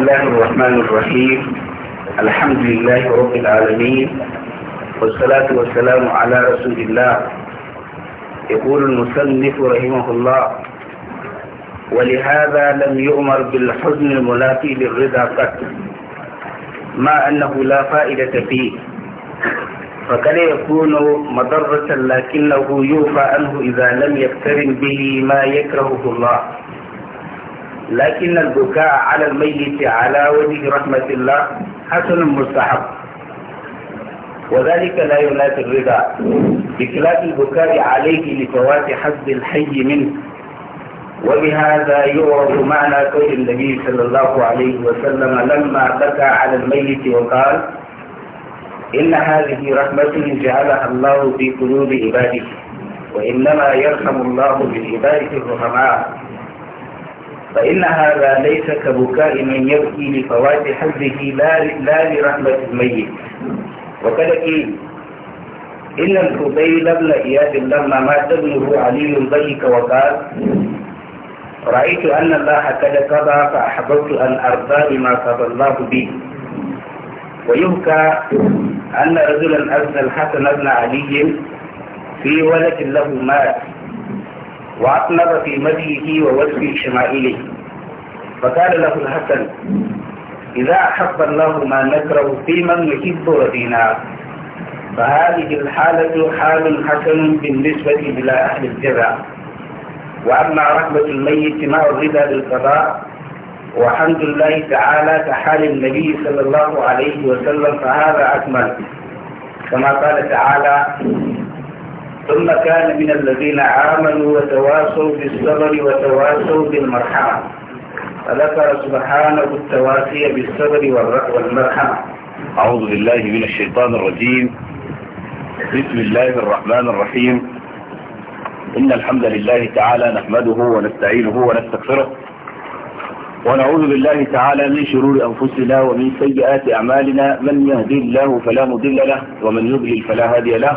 الله الرحمن الرحيم الحمد لله رب العالمين والصلاة والسلام على رسول الله يقول المصنف رحمه الله ولهذا لم يؤمر بالحزن المنافي للرضا قط ما أنه لا فائدة فيه فقد يكون مضرة لكنه يوفى عنه إذا لم يقترن به ما يكرهه الله لكن البكاء على الميت على وجه رحمة الله حسن مستحب وذلك لا ينافي الرضا بخلاف البكاء عليه لفوات حظ الحي منه وبهذا يعرف معنى قول النبي صلى الله عليه وسلم لما بكى على الميت وقال إن هذه رحمة جعلها الله في قلوب عباده وإنما يرحم الله من عباده الرحماء فإن هذا ليس كبكاء من يبكي لفوات حزه لا, لا لرحمة الميت وكذلك قيل إن الفضيل بن إياد لما مات ابنه علي ضيق وقال رأيت أن الله قد قضى فأحببت أن أرضى بما قضى الله به ويبكى أن رجلا أبنى الحسن بن علي في ولد له مات وأطلب في مديه ووجه شمائله فقال له الحسن إذا أحب الله ما نكره في من يحب ربنا فهذه الحالة حال حسن بالنسبة إلى أهل الجزاء وأما رحمة الميت مع الرضا للقضاء وحمد الله تعالى كحال النبي صلى الله عليه وسلم فهذا أكمل كما قال تعالى ثم كان من الذين عاملوا وتواصوا بالصبر وتواصوا بالمرحمة فذكر سبحانه التواصي بالصبر والمرحمة أعوذ بالله من الشيطان الرجيم بسم الله الرحمن الرحيم إن الحمد لله تعالى نحمده ونستعينه ونستغفره ونعوذ بالله تعالى من شرور أنفسنا ومن سيئات أعمالنا من يهدي الله فلا مضل له ومن يضلل فلا هادي له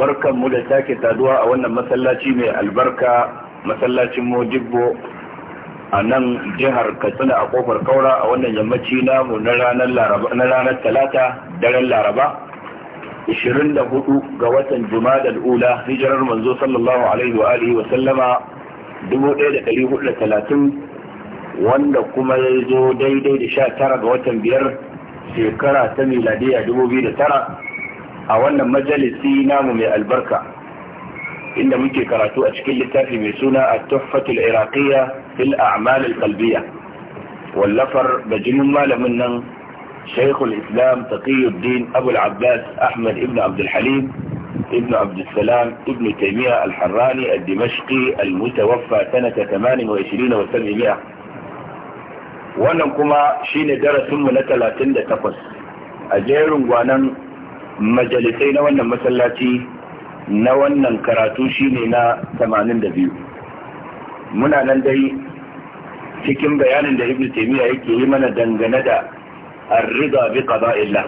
barkan mu da sake saduwa a wannan masallaci mai albarka masallacin mojibbo a nan jihar katsina a kofar kaura a wannan yammaci namu na ranar talata daren laraba 24 ga watan jumadal ula hijirar manzo sallallahu alaihi wa alihi wa sallama 1430 wanda kuma ya zo daidai da 19 ga watan biyar shekara ta miladiya 2009 a wannan majalisi namu mai albarka inda muke karatu a cikin littafi mai suna a tuffatul iraqiyya fil a'mal al-qalbiyya wallafar bajinin malamin nan شيخ الإسلام تقي الدين أبو العباس أحمد ابن عبد الحليم ابن عبد السلام ابن تيمية الحراني الدمشقي المتوفى سنة 28 و 700 wannan kuma shine darasinmu na 38 a jerin gwanan majalisai na wannan masallaci na wannan karatu shine na 82 muna nan dai cikin bayanin da ibn taymiya yake yi mana dangane da ar-ridha bi qada'illah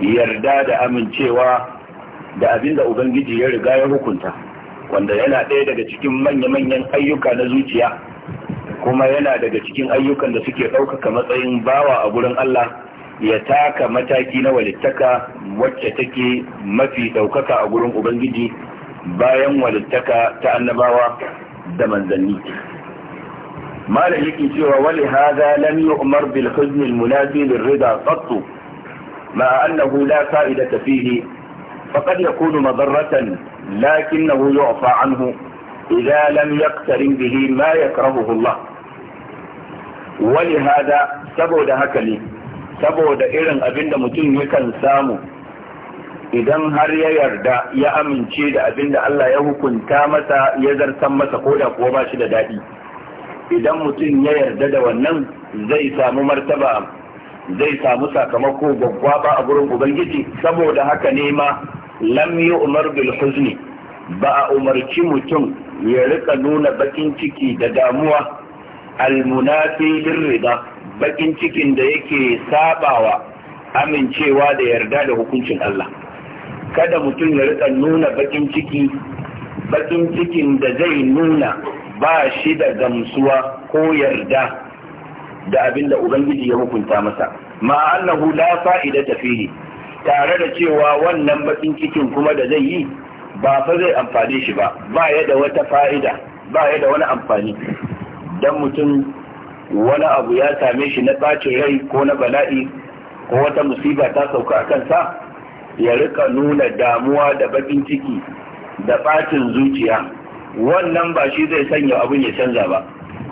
yarda da amincewa da abinda ubangiji ya riga ya hukunta wanda yana ɗaya daga cikin manya-manyan ayyuka na zuciya kuma yana daga cikin ayyukan da suke ɗaukaka matsayin bawa a gurin Allah ya taka mataki na walittaka wacce take mafi ɗaukaka a gurin ubangiji bayan walittaka ta annabawa da manzanni malam yake cewa wali hada lam yu'mar bil huzn al munazi lir rida qattu ma annahu la fa'idata fihi faqad yakunu madarratan lakinnahu yu'fa anhu idza lam yaqtarin bihi ma yakrahuhu Allah wali hada saboda haka ne saboda irin abin da mutum yakan samu idan har ya yarda ya amince da abin da Allah ya hukunta masa ya zartan masa ko da kuwa ba shi da daɗi idan mutum ya yarda da wannan zai samu martaba zai samu sakamako ba a gurin ubangiji saboda haka ne ma lam yi umar Bilhuzni, huzni ba a umarci mutum ya rika nuna bakin ciki da damuwa munafi lirrida bakin cikin da yake sabawa amincewa da yarda da hukuncin Allah kada mutum ya rika nuna bakin ciki bakin cikin da zai nuna ba shi da gamsuwa ko yarda da abin da ubangiji ya hukunta masa ma annahu la fa'idata fihi tare da cewa wannan bakin cikin kuma da zai yi ba fa zai amfane shi ba ba ya da wata fa'ida ba ya da wani amfani dan mutum wani abu ya same shi na ɓacin rai ko na bala'i ko wata musiba ta sauka a kansa ya rika nuna damuwa da bakin ciki da ɓacin zuciya wannan ba shi zai sanya abin ya canza ba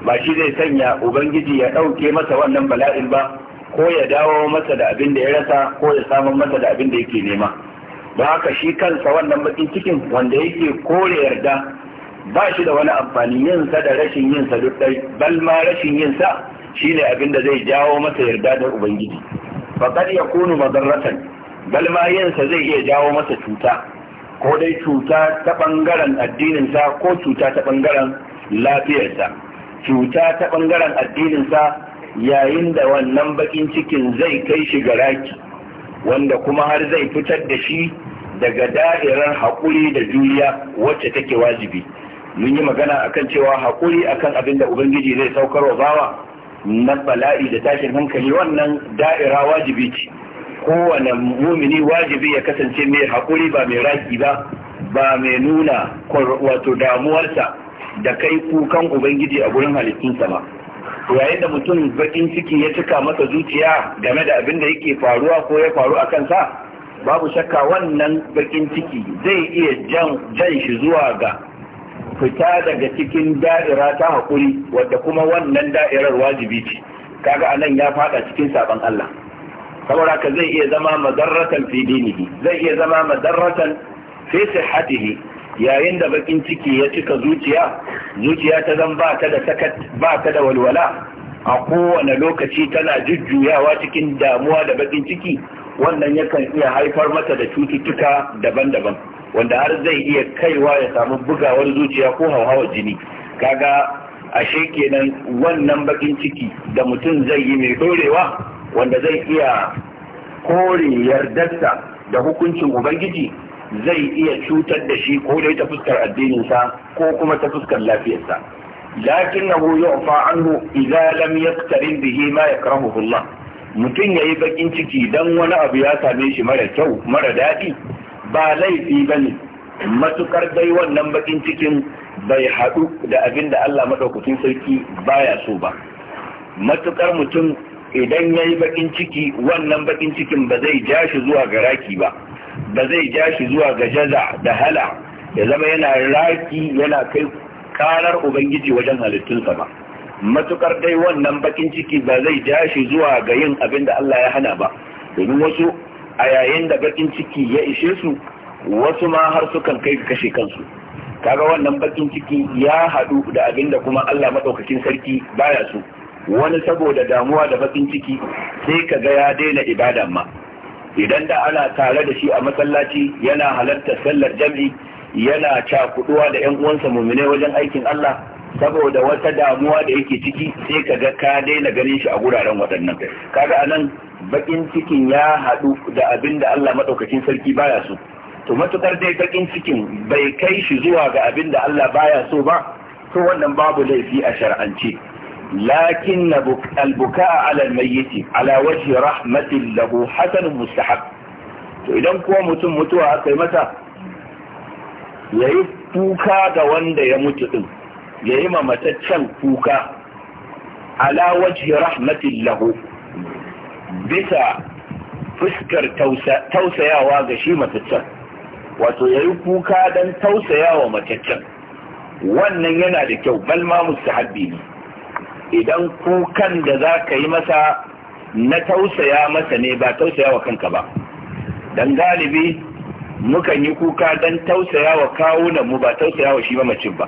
ba shi zai sanya ubangiji ya ɗauke masa wannan bala'in ba ko ya dawo masa da abin da ya rasa ko ya samun masa da abin da yake nema Ba haka shi kansa wannan bakin cikin wanda yake kore yarda ba shi da wani amfani yin sa da rashin yin sa duk dai bal ma rashin yin sa shine abin da zai jawo masa yarda da ubangiji kad yakunu madarratan bal ma yin sa zai iya jawo masa cuta ko dai cuta ta bangaren addinin sa ko cuta ta bangaren lafiyarsa cuta ta bangaren addinin sa yayin da wannan bakin cikin zai kai shi ga raki wanda kuma har zai fitar da shi daga da'irar haƙuri da juriya wacce take wajibi mun yi magana akan cewa haƙuri akan abin da ubangiji zai saukar wa bawa na bala'i da tashin hankali wannan da'ira wajibi ce kowane mumini wajibi ya kasance mai haƙuri ba mai raki ba ba mai nuna wato damuwarsa da kai kukan ubangiji a gurin halittunsa ba yayin da mutum bakin ciki ya cika masa zuciya game da abin da yake faruwa ko ya faru a kansa babu shakka wannan bakin ciki zai iya jan shi zuwa ga fita daga cikin da'ira ta haƙuri wadda kuma wannan da'irar wajibi ce kaga anan ya fada cikin saban Allah saboda ka zai iya zama madarratan fi dinihi zai iya zama madarratan fi sihhatihi yayin da bakin ciki ya cika zuciya zuciya ta zan ba ta da sakat ba ta da walwala a kowane lokaci tana jujjuyawa cikin damuwa da bakin ciki wannan yakan iya haifar mata da cututtuka daban-daban wanda har zai iya kaiwa ya samu bugawar zuciya ko hauhawar jini kaga ashe kenan wannan bakin ciki da mutum zai yi mai dorewa wanda zai iya kore yardarsa da hukuncin ubangiji zai iya cutar da shi ko dai ta fuskar addininsa ko kuma ta fuskar lafiyarsa lakinnahu yu'fa anhu idza lam yaqtarin bihi ma yakrahuhu Allah mutum yayi bakin ciki dan wani abu ya same shi mara kyau mara daɗi. ba laifi ba ne matukar dai wannan bakin cikin bai haɗu da abin da Allah maɗaukacin sarki baya so ba matukar mutum idan ya yi bakin ciki wannan bakin cikin ba zai ja shi zuwa ga raki ba ba zai ja shi zuwa ga jaza da hala ya zama yana raki yana kai karar ubangiji wajen halittunsa ba matukar dai wannan bakin ciki ba zai ja shi zuwa ga yin abin da Allah ya hana ba domin wasu a yayin da bakin ciki ya ishe su wasu ma har sukan kai kashe kansu kaga wannan bakin ciki ya haɗu da abin da kuma Allah maɗaukakin sarki baya su. wani saboda damuwa da bakin ciki sai ka ga ya daina ibada ma idan da ana tare da shi a masallaci yana halarta sallar jam'i yana cakuduwa da yan uwansa mumine wajen aikin Allah saboda wata damuwa da yake ciki sai ka ga ka daina ganin shi a guraren waɗannan kaga anan bakin cikin ya haɗu da abin da Allah maɗaukacin sarki baya so to matukar dai bakin cikin bai kai shi zuwa ga abin da Allah baya so ba to wannan babu laifi a shar'ance lakin albuka ala almayyiti ala wajhi rahmatin lahu hasanun mustahab to idan kuwa mutum mutuwa aka yi mata yayi kuka ga wanda ya mutu din ya yi mamataccen kuka ala wajhi rahmatin lahu bisa fuskar tausayawa ga shi mataccen wato ya yi kuka don tausayawa mataccen wannan yana da kyau balma musu ne idan kukan da za ka yi masa na tausaya masa ne ba tausayawa kanka ba don galibi mukan yi kuka don tausayawa kawunan mu ba tausayawa shi mamacin ba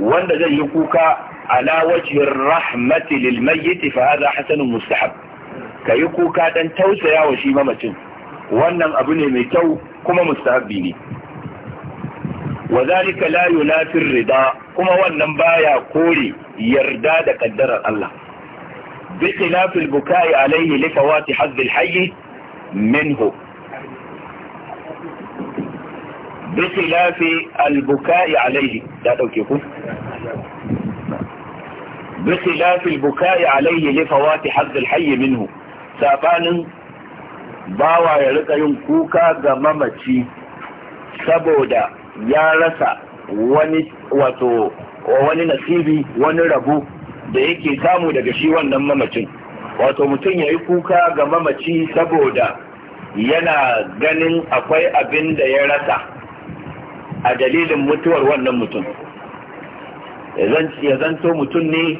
wanda zai yi kuka ala wajhin rahmati lil mayyit fa hadha hasanun mustahab kayi kuka dan tausaya wa shi mamacin wannan abu ne mai kyau kuma mustahabbi ne wa zalika la yunafi rida kuma wannan baya kore yarda da kaddarar Allah bi khilafil bukai alaihi li fawati hadd hayy minhu bi khilafi al-buka'i alayhi dauke ku bi khilafi bukai fawati hadd al minhu sabanin bawa ya rika yin kuka ga mamaci saboda ya rasa wani wato wani nasibi wani rabu da yake samu daga shi wannan mamacin wato mutum ya yi kuka ga mamaci saboda yana ganin akwai abin da ya rasa a dalilin mutuwar wannan mutum ya zanto mutum ne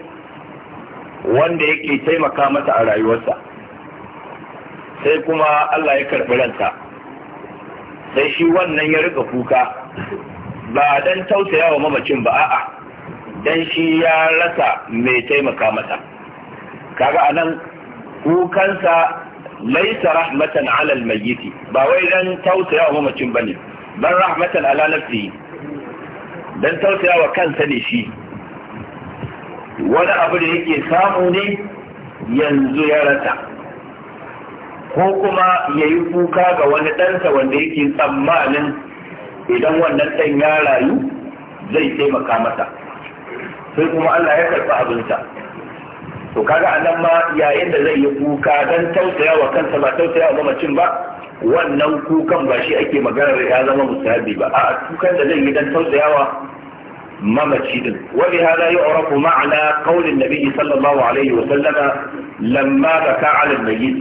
wanda yake taimaka masa a rayuwarsa sai kuma Allah ya karɓi ranta sai shi wannan ya rika kuka ba don tausaya wa mamacin ba a'a don shi ya rasa mai taimaka mata kaga anan kukansa laisa rahmatan alal mayyiti ba wai dan tausaya wa mamacin bane ban rahmatan ala nafsi dan tausaya wa kansa ne shi wani abu da yake samu ne yanzu ya rata. ko kuma ya yi kuka ga wani ɗansa wanda yake tsammanin idan wannan ɗan ya rayu zai taimaka masa sai kuma Allah ya karɓi abinsa to kaga anan ma yayin da zai yi kuka dan tausaya wa kansa ba tausaya wa mamacin ba wannan kukan ba shi ake maganar ya zama musabi ba a kukan da zai yi dan tausayawa mamaci din wani hada yi aurafu ma'ana kaulin nabi sallallahu alaihi wa sallama lamma baka ala mayyit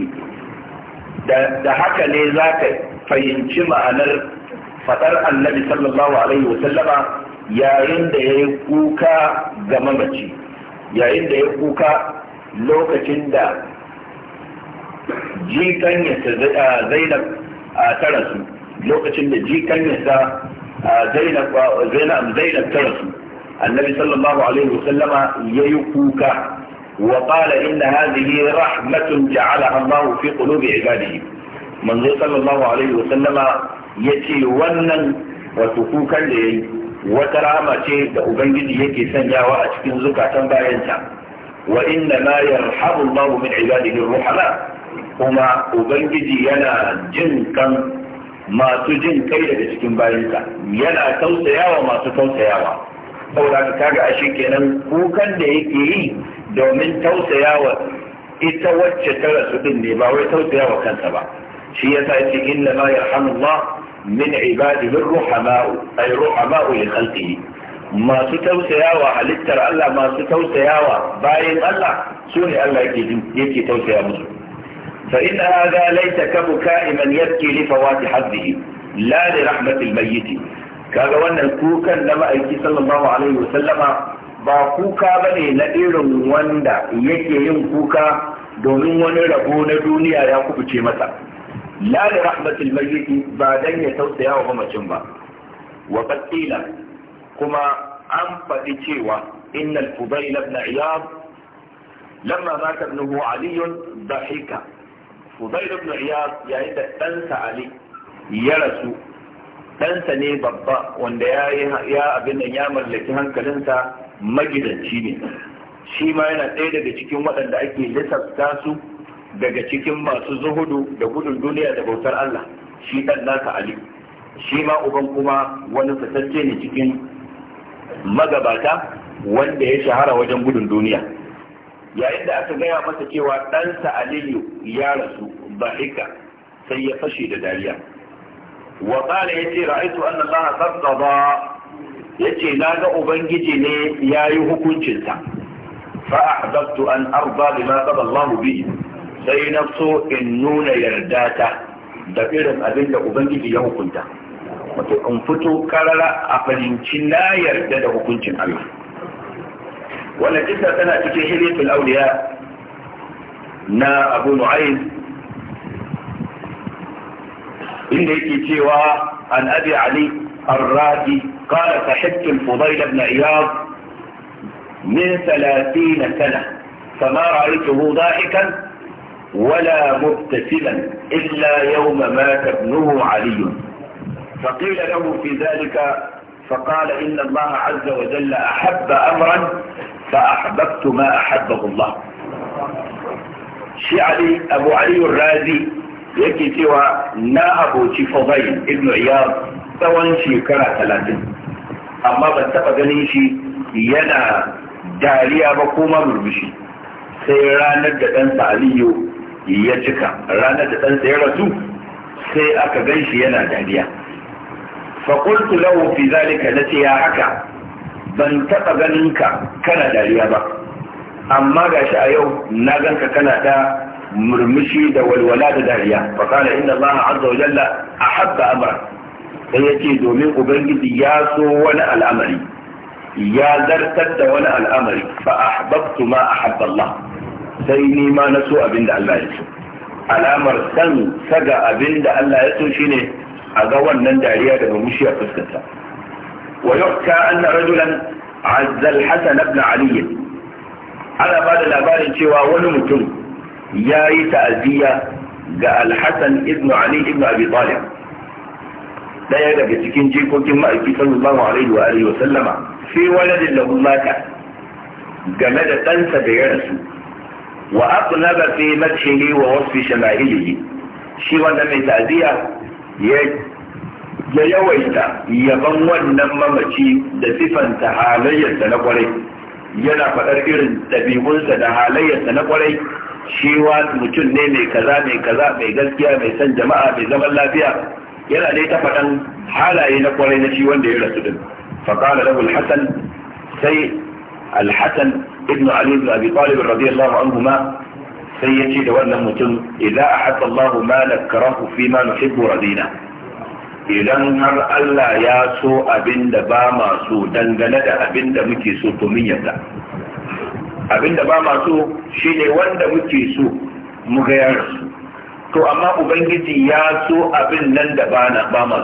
da haka ne za ka fahimci ma'anar fadar annabi sallallahu alaihi wa sallama yayin da yayi kuka ga mamaci yayin da ya kuka lokacin da jikanyarsa zainab ta su lokacin da jikanyarsa zainab zainab ta su annabi sallallahu alaihi wasallama yayi kuka wa qala inna hadhihi rahmatun ja'alaha Allah fi qulubi ibadihi manzo sallallahu alaihi wasallama yace wannan wato kukan da yayi wata rama ce da ubangiji yake sanyawa a cikin zukatan bayansa wa inna ma yarhamu Allah min ibadihi ar-ruhama kuma ubangiji yana jin kan masu jin kai daga cikin bayansa yana tausayawa masu tausayawa saboda ka kaga ashe kenan kukan da yake yi domin tausayawa ita wacce ta rasu din ne ba wai tausayawa kansa ba shi yasa yace inna ma yarhamullah min ibadihi ruhama'u ay ruhama'u li khalqihi masu tausayawa halittar Allah masu tausayawa bayan Allah su ne Allah yake tausaya musu فإن هذا ليس كبكاء من يبكي لفوات حظه لا لرحمة الميت kaga wannan kukan na ma'aiki sallallahu alaihi wasallama ba kuka bane na irin wanda yake yin kuka domin wani rabo na duniya ya kubuce masa la da rahmatul mayyiti ba dan ya tausaya wa mamacin ba wa qila kuma an faɗi cewa innal fudayl ibn iyad lamma mata ibnuhu ali Fudail ibn Iyad yayin da ɗansa Ali ya rasu ɗansa ne babba wanda ya ya abin nan ya mallaki hankalinsa magidanci ne shi ma yana ɗaya daga cikin waɗanda ake lissafta su daga cikin masu zuhudu da gudun duniya da bautar Allah shi ɗan naka Ali shi ma uban kuma wani fitacce ne cikin magabata wanda ya shahara wajen gudun duniya yayin da aka gaya masa cewa ɗansa aliyu ya rasu bahika sai ya fashe da dariya wa qala yace ra'aytu anna allaha qad qada yace na ga ubangiji ne yayi hukuncin hukuncinsa. fa ahbabtu an arda bima qada allah bi sai na so in nuna yarda ta da irin abin da ubangiji ya hukunta wato in fito karara a fahimci na yarda da hukuncin Allah wannan kisa tana cikin الأولياء auliya أبو abu nu'aym inda عن أبي علي abi الرادي قال فحبت الفضيل بن عياض من ثلاثين سنة فما رأيته ضاحكا ولا مبتسما إلا يوم مات ابنه علي فقيل له في ذلك فقال إن الله عز وجل أحب أمرا fa ahbabtu ma ahabbahu Allah shi Ali Abu Ali Razi yake cewa na aboci fadai ibn Iyad tsawon shekara talatin, amma ban taɓa ganin shi yana dariya ba ko murmushi sai ranar da ɗansa Aliyu ya cika ranar da ɗansa ya rasu sai aka gan shi yana dariya fakultu lahu fi zalika nace ya haka ban taɓa ganin ka kana dariya ba amma ga shi a yau na ka kana da murmushi da walwala da dariya fa kana inna allaha azza wa jalla ahabba amra sai yace domin ubangiji ya so wani al'amari ya zartar da wani al'amari fa ahbabtu ma ahabba allah sai ni ma na so abinda Allah ya so alamar san saga abinda Allah ya so shine a ga wannan dariya da murmushi a fuskarta ويحكى أن رجلا عز الحسن بن علي على بعد الأبار شوى ونمتم ياي تأذية جاء الحسن ابن علي ابن أبي طالب لا يدك سكين جيكوكين مأيكي صلى الله عليه وآله وسلم في ولد له مات جمد تنسى بيرسو وأقلب في مدحه ووصف شمائله shi wanda mai ta'aziyya ya ya yawaita yaban wannan mamaci da sifanta halayyarsa na kwarai yana faɗar irin ɗabi'unsa da halayyarsa na kwarai shi wa mutum ne mai kaza mai kaza mai gaskiya mai son jama'a mai zaman lafiya yana dai ta faɗan halaye na kwarai na shi wanda ya rasu din faqala lahu al sai al-hasan ali ibn abi talib radiyallahu anhuma sai yace da wannan mutum idza ahabba Allah ma nakrahu fi ma nuhibbu radina idan har Allah ya so abin da ba masu dangane da abin da muke so to min yarda abin da ba masu shi ne wanda muke so mu ga ya to amma ubangiji ya so abin nan da ba na ba ma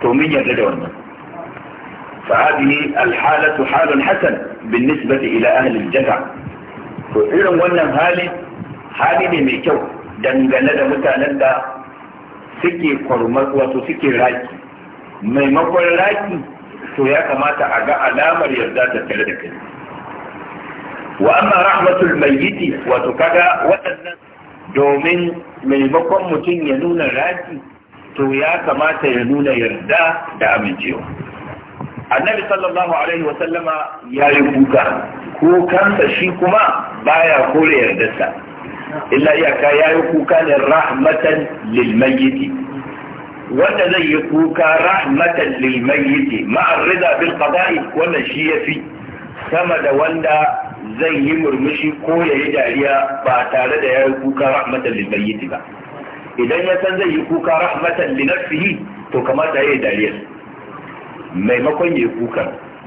to min yarda da wannan فهذه الحالة حال حسن بالنسبة إلى أهل الجزع to irin wannan hali hali ne mai kyau dangane da mutanen da suke kwarmar wato suke raki maimakon raki to ya kamata a ga alamar yarda ta tare da kai wa amma rahmatul mayyiti wato kaga waɗannan domin maimakon mutum ya nuna raki to ya kamata ya nuna yarda da amincewa annabi sallallahu alaihi wa sallama ya yi kuka ko kansa shi kuma baya kore yardarsa illa iyaka ya yi kuka ne rahmatan lilmayyiti wanda zai yi kuka rahmatan lilmayyiti ma'ar rida bil qada'i wannan shi yafi sama da wanda zai yi murmushi ko ya yi dariya ba tare da ya yi kuka rahmatan lilmayyiti ba idan ya san zai yi kuka rahmatan li nafsihi to kamata ya yi dariya maimakon ya yi kuka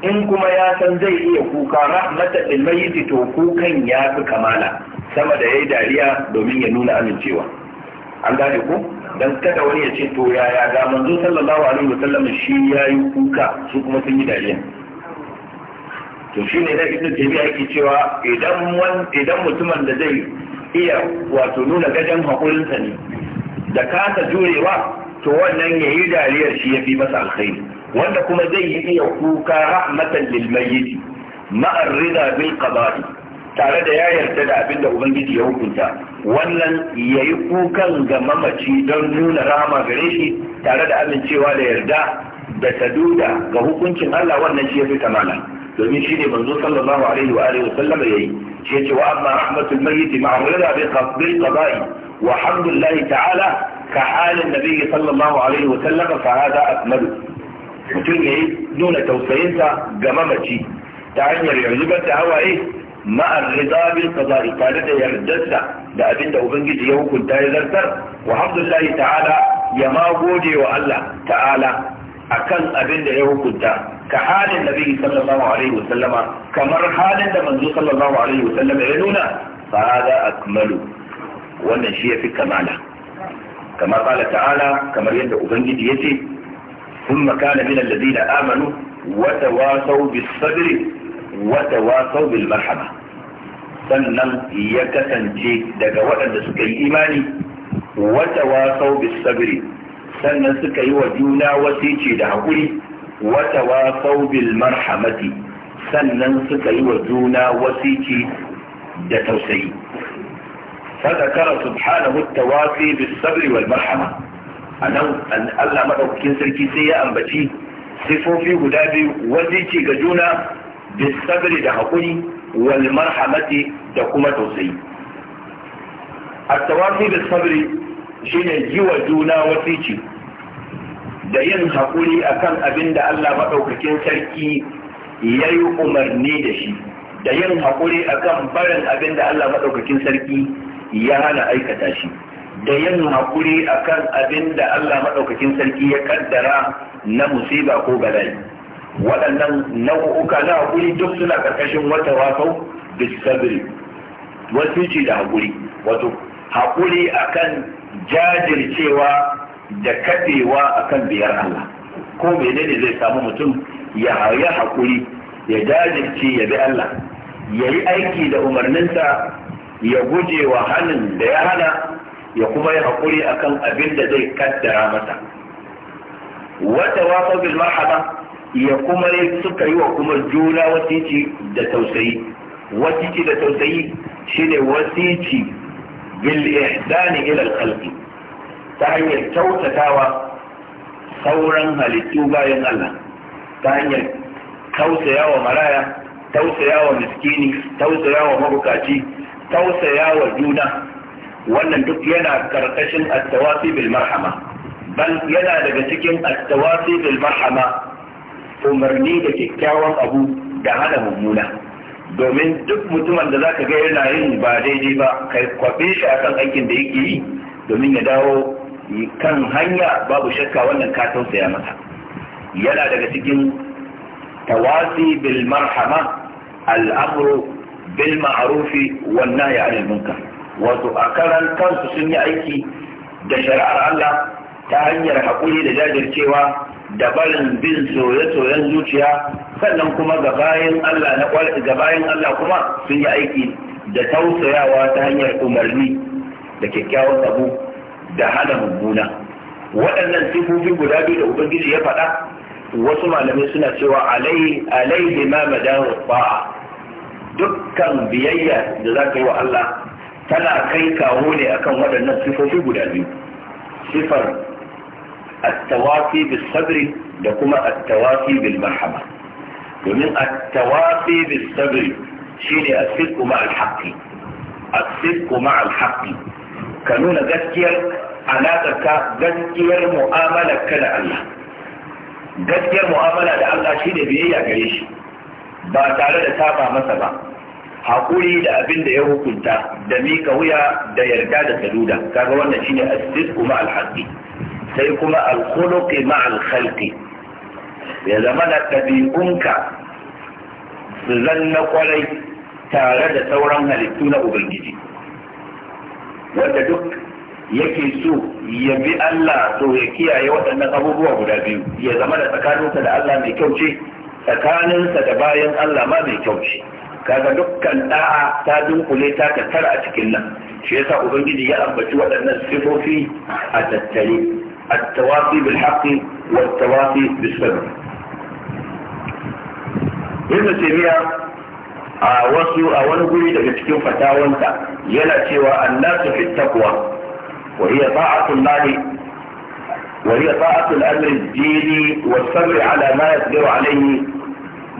in kuma ya san zai iya kuka rahmatan lilmayyiti to kukan ya fi kamala sama da yayi dariya domin ya nuna amincewa an gane ko dan kada wani ya ce to yaya ga manzo sallallahu alaihi wasallam shi yayi kuka su kuma sun yi dariya to shi ne zai ibnu tabi'a yake cewa idan wan idan mutumin da zai iya wato nuna gajan hakurinsa ne da kasa jurewa to wannan yayi dariyar shi yafi masa alkhairi wanda kuma zai yi iya kuka rahmatan lil mayyit ma'ar rida bil qada'i tare da ya yarda da abin da ubangiji ya hukunta wannan ya yi kukan ga mamaci don nuna rama gare shi tare da amincewa da yarda da saduda ga hukuncin Allah wannan shi ya fi kamala domin shi ne manzo sallallahu alaihi wa alihi wasallam yayi shi yace wa amma rahmatul mayyit ma'a rida bil qada'i wa hamdulillah ta'ala ka halin nabi sallallahu alaihi wa sallam fa hada akmalu mutum yayi nuna tausayinsa ga mamaci ta hanyar yanzu ba ta hawaye ma'ar rida bil qada'i tare da yardarsa da abin da ubangiji ya hukunta ya zartar wa hamdulillahi ta'ala ya ma gode wa Allah ta'ala akan abin da ya hukunta ka halin nabi sallallahu alaihi sallama. kamar halin da manzo sallallahu alaihi wasallama ya nuna fa hada akmalu wannan shi yafi kamala كما قال تعالى كما يند أبنجد يتي ثم كان من الذين آمنوا وتواصوا بالصبر wata wasau bil marhama sannan ya kasance daga waɗanda suka yi imani wata wasau bis sabri sannan suka yi wa juna wasici da haƙuri wata wasau bil marhamati sannan suka yi wa juna wasici da tausayi فذكر سبحانه التوافي بالصبر والمرحمة أنه أن الله مدوكين سركي سيئا بشي صفوفي ودابي وزيكي قجونا bisabri da haƙuri wal marhamati da kuma tausayi at-tawafi bisabri shine yi wa juna wasici da yin haƙuri akan abin da Allah maɗaukakin sarki ya yi umarni da shi da yin haƙuri akan barin abin da Allah maɗaukakin sarki ya hana aikata shi da yin haƙuri akan abin da Allah maɗaukakin sarki ya ƙaddara na musiba ko bala'i waɗannan nau'uka na haƙuri duk suna ƙarƙashin wata wasau da wasu ce da haƙuri. wato hakuri akan jajircewa da a akan biyar Allah ko menene zai samu mutum ya yi haƙuri ya jajirce ya bi Allah ya yi aiki da umarninsa ya guje wa hannun da ya hana ya kuma yi haƙuri akan abin da zai kaddara masa wata wafa bil marhaba ya kuma ne suka yi wa kuma juna wasici da tausayi wasici da tausayi shine wasici bil ihsani ila al ta hanyar kyautatawa sauran halittu bayan Allah ta hanyar tausaya wa maraya tausaya tausayawa miskini wa mabukaci tausaya wa juna wannan duk yana karkashin at-tawasi bil marhama bal yana daga cikin at-tawasi bil marhama umarni da kyakkyawan abu da hana mummuna domin duk mutumin da ka ga yana yin ba daidai ba kai kwabe shi kan aikin da yake yi domin ya dawo kan hanya babu shakka wannan ka tausaya masa yana daga cikin tawasi bil marhama al'amru bil ma'rufi wannan ya 'anil munkar wato a karan kansu sun yi aiki da shari'ar Allah ta hanyar haƙuri da jajircewa da barin bin soye-soyen zuciya sannan kuma ga bayan Allah na ga Allah kuma sun yi aiki da tausayawa ta hanyar umarni da kyakkyawan abu da hana mummuna waɗannan sifofi guda biyu da ubangiji ya faɗa wasu malamai suna cewa alai alai ma madaru ba'a dukkan biyayya da za ka yi wa Allah tana kai kawo ne akan waɗannan sifofi guda biyu sifar التوافي بالصبر لكما التوافي بالمرحمة ومن التوافي بالصبر شيء الصدق مع الحق الصدق مع الحق كنون غسكير علاقك غسكير مؤاملة كلا الله غسكير مؤاملة لله شيء بيئة قريش ba tare da saba masa ba haƙuri da abin da ya hukunta da mika wuya da yarda da saduda kaga wannan shine as-sidqu ma al-haqqi sai kuma alkhuluqi ma alkhalqi ya zama na ɗabi'unka su zanna kwarai tare da sauran halittu na ubangiji wanda duk yake so ya bi Allah so ya kiyaye waɗannan abubuwa guda biyu ya zama da tsakaninsa da Allah mai kyau tsakaninsa da bayan Allah ma mai kyau ce kaga dukkan da'a ta dunkule ta tattara a cikin nan shi yasa ubangiji ya ambaci waɗannan sifofi a tattare التوافي بالحق والتوافي بالسبب ابن سيمية آه، وصل أولوه آه، لكتكين يلا يلتوى الناس في التقوى وهي طاعة المال وهي طاعة الأمر الديني والصبر على ما يقدر عليه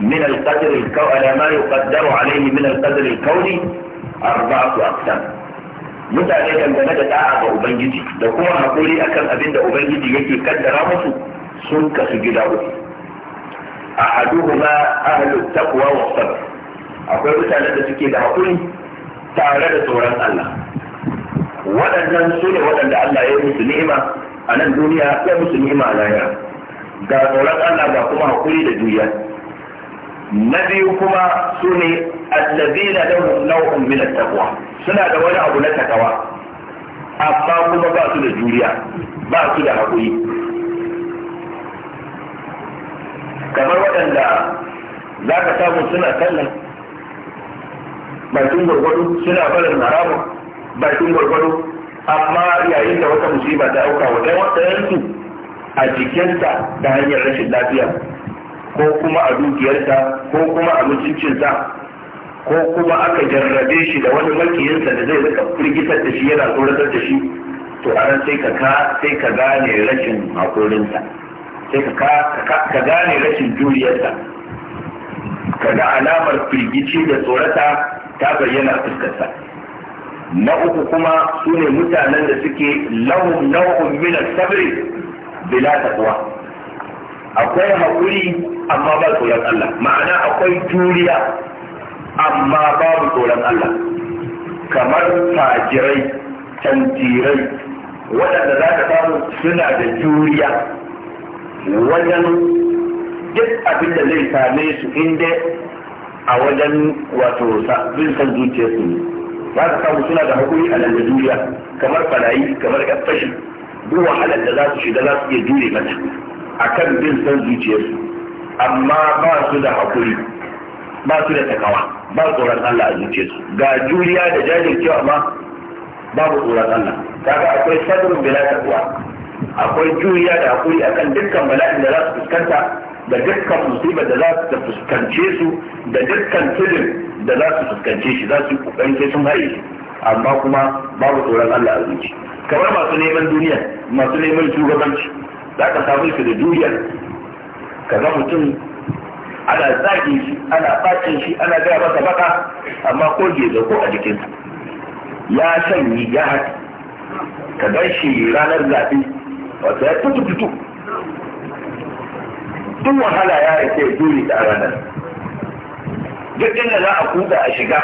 من القدر الكو... على ما يقدر عليه من القدر الكوني أربعة أقسام mutane dangane da da'a ga ubangiji da kuma haƙuri akan abin da ubangiji yake kaddara musu sun kasu gida uku ahaduhuma ahlut taqwa wa sabr akwai mutanen da suke da hakuri tare da tsoron Allah waɗannan su ne waɗanda Allah ya musu ni'ima a nan duniya ya musu ni'ima a lahira ga tsoron Allah ga kuma hakuri da duniya na biyu kuma su ne allazina lahum naw'un min at-taqwa suna da wani abu na takawa amma kuma ba su da juriya ba su da haƙuri kamar waɗanda za ka samu suna kallon bakin gwargwado suna barin haramun bakin gwargwado amma yayin da wata musiba ta auka wa ɗan waɗansu a jikinta ta hanyar rashin lafiya ko kuma a dukiyarta, ko kuma a mutuncinta ko kuma aka jarrabe shi da wani makiyinsa da zai rika firgitar da shi yana tsoratar da shi to a sai ka ka sai ka gane rashin haƙorinsa sai ka ka gane rashin juriyarsa kaga alamar firgici da tsorata ta bayyana fuskarsa na uku kuma su ne mutanen da suke lahum nau'un min sabri bila taqwa akwai haƙuri amma ba tsoron Allah ma'ana akwai juriya amma babu tsoron Allah kamar tajirai, tantirai waɗanda za ka samu suna da juriya wajen duk abin da zai same su inda a wajen wato bin san zuciyarsu ne za ka samu suna da haƙuri a nan da juriya kamar farayi kamar ƴan fashi duk wahalar da za su shiga za su iya jure mata a kan bin san zuciyarsu amma ba su da haƙuri ba su da takawa ba tsoron Allah a zuciya su ga juriya da jajircewa ma babu tsoron Allah kaga akwai sabrun bila takwa akwai juriya da hakuri akan dukkan bala'i da za su fuskanta da dukkan musibar da za su fuskance su da dukkan tudun da za su fuskance shi za su kokarin sai sun haye amma kuma babu tsoron Allah a zuci kamar masu neman duniya masu neman shugabanci za ka samu su da duniya ka ga mutum ana zagin shi ana bacin shi ana gaya masa baka amma ko gezo ko a jikinsa ya sanyi ya haɗi ka gan shi ranar zafi, wato ya tutu tutu duk wahala ya isa ya jure da ranar duk inda za a kuka a shiga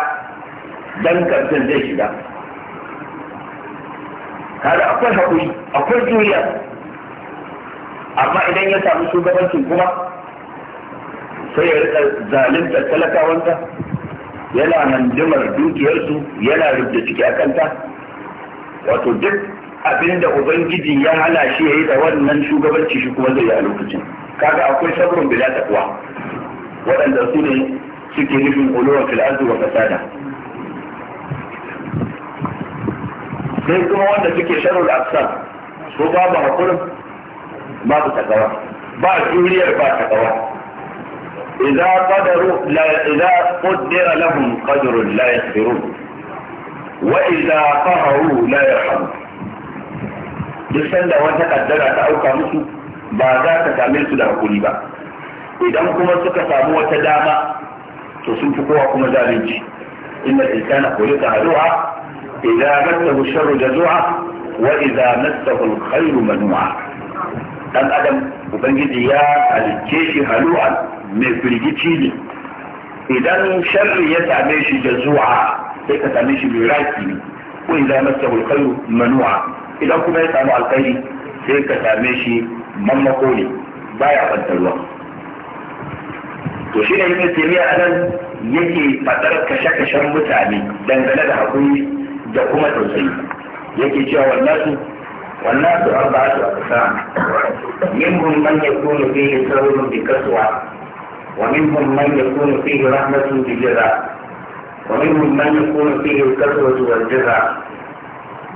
dan kamfin zai shiga kada akwai haƙuri akwai juriya amma idan ya samu shugabancin kuma sai ya rika zalunta talakawanta? yana handimar dukiyarsu yana rubuta ciki a kanta wato duk abin da ubangiji ya hana shi ya yi da wannan shugabanci shi kuma zai yi a lokacin kaga akwai sabrin bila takwa waɗanda su ne suke nufin ulowar fil'adu wa fasada sai kuma wanda suke sharul aksar su babu hakurin babu takawa ba juriyar ba takawa إذا قدروا لا إذا قدر لهم قدر لا يقدرون وإذا قهروا لا يرحمون duk sanda wata kaddara ta auka musu ba za ta same su da hakuri ba idan kuma suka samu wata dama to sun fi kowa kuma zalunci inna insana khuliqa halu'a idza masahu sharru jazu'a wa idza massahu alkhairu manu'a dan adam ubangiji ya alke shi halu'a mai firgici ne idan sharri ya same shi da zuwa sai ka same shi mai ne ko idan masa hulkayu manuwa idan kuma ya samu alkhairi sai ka same shi mammako ne ya bantarwa to shi ne ibn a anan yake faɗar kashe-kashen mutane dangane da haƙuri, da kuma tausayi yake cewa wannan su والناس أربعة أقسام منهم من يكون فيه ثور بكسوة ومنهم من يكون فيه رحمة بجزاء ومنهم من يكون فيه الكسوة والجزاء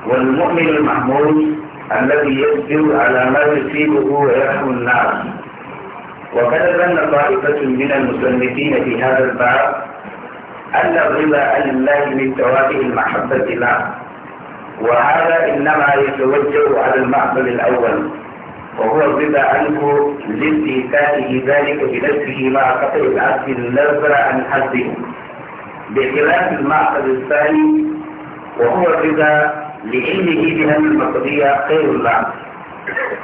والمؤمن المحمود الذي يصبر على ما يصيبه ويرحم الناس وقد ظن طائفة من المسلمين في هذا الباب أن الرضا عن الله من توابع المحبة له وهذا إنما يتوجه على المحمل الأول وهو الرضا عنه لانتهاكه ذلك بنفسه مع قطع العبد النذر عن حده بخلاف المعقد الثاني وهو الرضا لعلمه بهذه المقضية خير العبد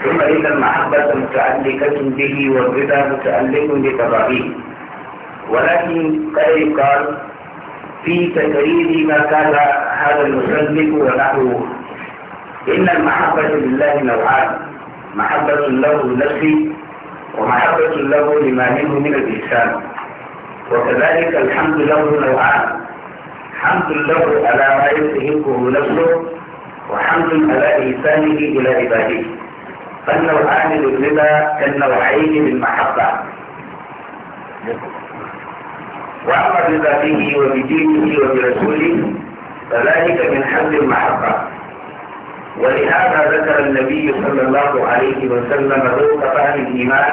ثم إن المحبة متعلقة به والرضا متعلق بقضائه ولكن قد يقال في تكريم ما كان هذا المسلك ونحوه إن المحبة لله نوعان محبة له لنفسه ومحبة له لما منه من الإنسان وكذلك الحمد له نوعان حمد له على ما يستحقه نفسه وحمد على إنسانه إلى عباده فالنوعان للربا كالنوعين للمحبة وأما بذاته وبدينه وبرسوله فذلك من حمل المحبة ولهذا ذكر النبي صلى الله عليه وسلم ذوق فهم الإيمان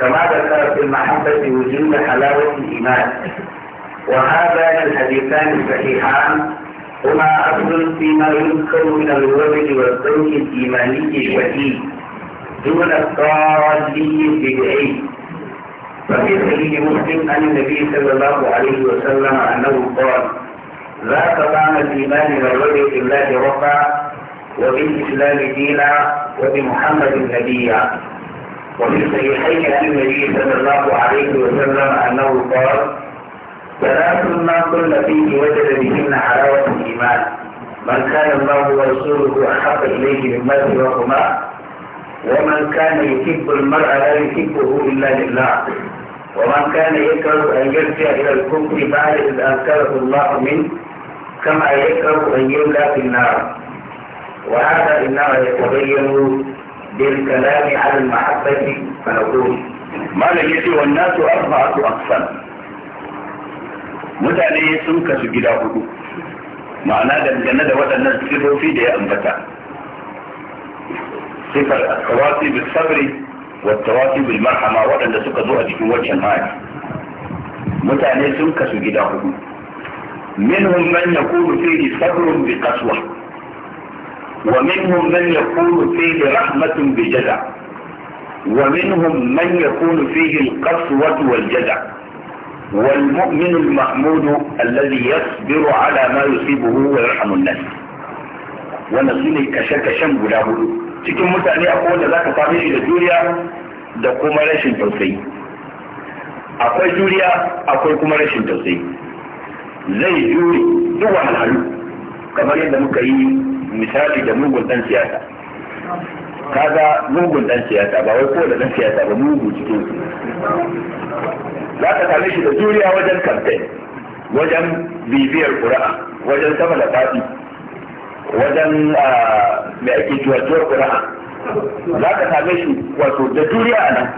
كما ذكر في المحبة وجود حلاوة الإيمان وهذا الحديثان الصحيحان هما أصل فيما يذكر من الوجد والزوج الإيماني الشديد دون الطالب بدعي ففي صحيح مسلم عن النبي صلى الله عليه وسلم انه قال ذاك طعم الايمان بالرجل بالله ربا وبالاسلام دينا وبمحمد نبيا وفي صحيحين عن النبي صلى الله عليه وسلم انه قال ثلاث ما كل فيه وجد بهن حلاوه الايمان من كان الله ورسوله احق اليه مما سواهما ومن كان يحب المرء لا يحبه الا لله ومن كان يكره أن يرجع إلى الكفر بعد إذ أنكره الله منه كما يكره أن يولى في النار وهذا إنما يتبين بالكلام على المحبة فنقول ما لم والناس أربعة أقسام mutane sun kasu gida hudu ma'ana dangane da waɗannan sifofi da ya ambata sifar asawasi bisabri والتواكب المرحمة وأن تسكتوا أجيكم وجه المعاني متعني سنكسوا جداهم منهم من يقول فيه صبر بقسوة ومنهم من يقول فيه رحمة بجزع ومنهم من يقول فيه القسوة والجزع والمؤمن المحمود الذي يصبر على ما يصيبه ويرحم الناس ونصيبك شك شنب لا بلوك cikin mutane akwai wanda za ka same shi da juriya da kuma rashin tausayi akwai juriya akwai kuma rashin tausayi zai juri duk wahalhalu kamar yadda muka yi misali da mugun dan siyasa kaga mugun dan siyasa ba wai ko da dan siyasa ba mugu cikin su za ka same shi da juriya wajen kamfe wajen bibiyar ƙura'a wajen sama da faɗi wajen ah, mai ake juwajuwar ƙura'a za ka same shi wato da juriya a nan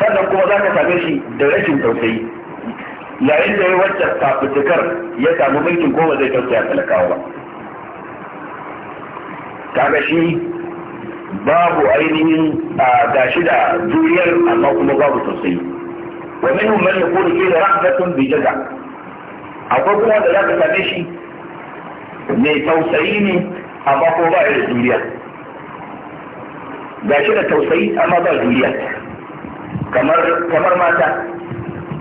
sannan kuma za ka same shi da rashin tausayi yayin da ya wacce fafutukar ya samu mulkin ko ba zai tausaya talakawa ba kaga shi babu ainihin a gashi da juriyar amma kuma babu tausayi wa minhum man yakunu fihi rahmatun bi jaza akwai kuma da za ka same shi mai tausayi ne amma ko ba da juriya ga shi da tausayi amma ba juriya kamar kamar mata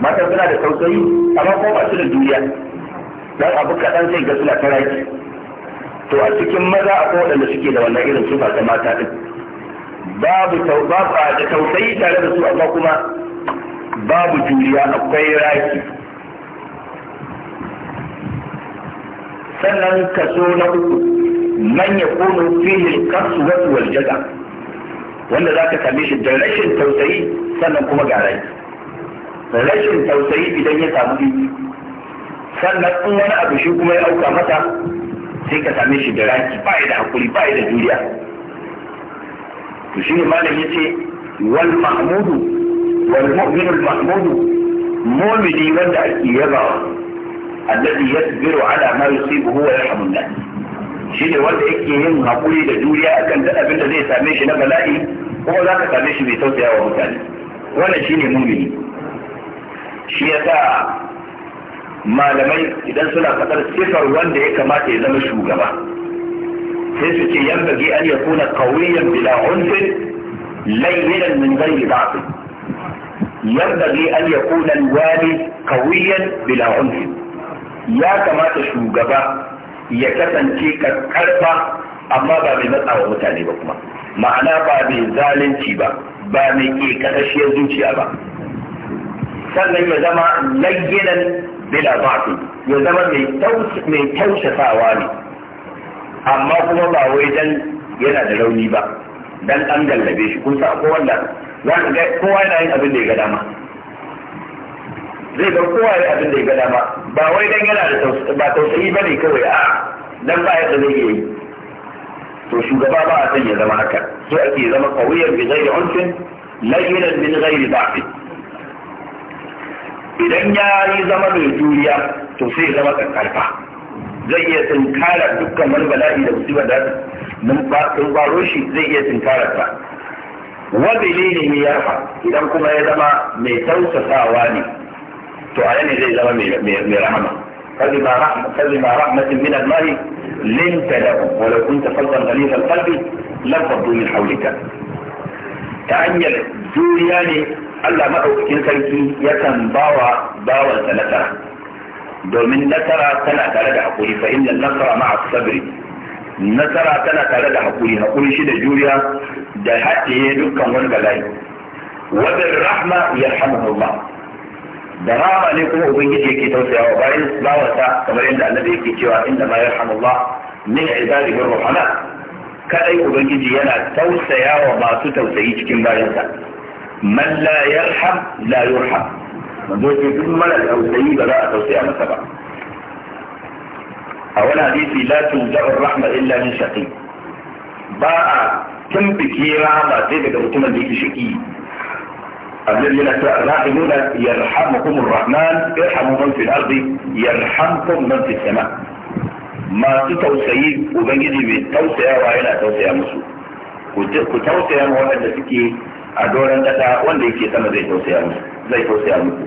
mata suna da tausayi amma ko ba su da juriya dan abu kaɗan sai ga suna taraki to a cikin maza a waɗanda suke da wannan irin sufa ta mata din babu da tausayi tare da su amma kuma babu juriya akwai raki sannan kaso na uku man ya kono filin kasu wasu waljaza wanda za ka same shi da rashin tausayi sannan kuma ga rai rashin tausayi idan ya samu biki sannan in wani abu shi kuma ya auka mata sai ka same shi da raki ba da hakuri ba da juriya to shi ne malam ya ce wal mahmudu wal mu'minul mahmudu mu'mini wanda ake yabawa الذي يصبر على ما يصيبه ويرحم الناس shi ne wanda yake yin haƙuri da juriya akan duk abin da zai same shi na bala'i kuma za ka same shi mai tausaya wa mutane wannan shi ne mumini shi ya sa malamai idan suna faɗar sifar wanda ya kamata ya zama shugaba sai su ce yan bagi an ya kuna kawiyan bila unfin layyinan min ghairi ba'd yan bagi an ya kuna wali kawiyan bila unfin ya kamata shugaba ya kasance karfa amma ba mai matsa wa mutane ba kuma ma'ana ba mai zalunci ba ba mai ke kasashiyar zuciya ba sannan ya zama layyinan bila bafi ya zama mai sawa ne amma kuma ba wai dan yana da rauni ba dan an gallabe shi kun sa ko wanda kowa yana yin abin da ya ga dama zai bar kowa ya abin da ya ga dama ba wai dan yana da ba tausayi bane kawai a dan ba yadda zai yi to shugaba ba a san ya zama haka so ake zama kawiyan bi ghairi unfin layinan min ghairi da'fi idan ya yi zama mai juriya to sai ya zama karfa zai iya tunkara dukkan wani bala'i da musibar da sun baro shi zai iya tunkara ta wa bililihi yarfa idan kuma ya zama mai tausasawa ne تعاني زي زمان برحمة فلما رحمة, فلما رحمة من المال لنت له ولو كنت فضا غليظ القلب لم فضوا من حولك تعنيل جولياني يعني ألا ما أوكين كنتي يتم باوى باوى تنكرة دومن نكرة تنكرة لدى حقولي فإن النكرة مع الصبر نكرة تنكرة لدى حقولي حقولي شدى جوليا دهاتي يدوكا ونبلاي وبالرحمة يرحمه الله da rama ne kuma ubangiji yake tausayawa bayan bawansa kamar yadda annabi yake cewa inda ma yarhamullah min ibadihi rahama kadai ubangiji yana tausayawa masu tausayi cikin bayansa man la yarham la yurham manzo ce duk mara tausayi ba za a tausaya masa ba a wani hadisi la tuzar rahma illa min shaqi ba a tumbike rama sai daga mutumin da yake shaqi الذين تراقبون يرحمكم الرحمن ارحموا من في الارض يرحمكم من في السماء ما توسعي وبنجي من توسع وإلى توسع مسو كتوسع وإلى سكي أدورا تتا وليك يتم زي توسع مسو زي توسع مسو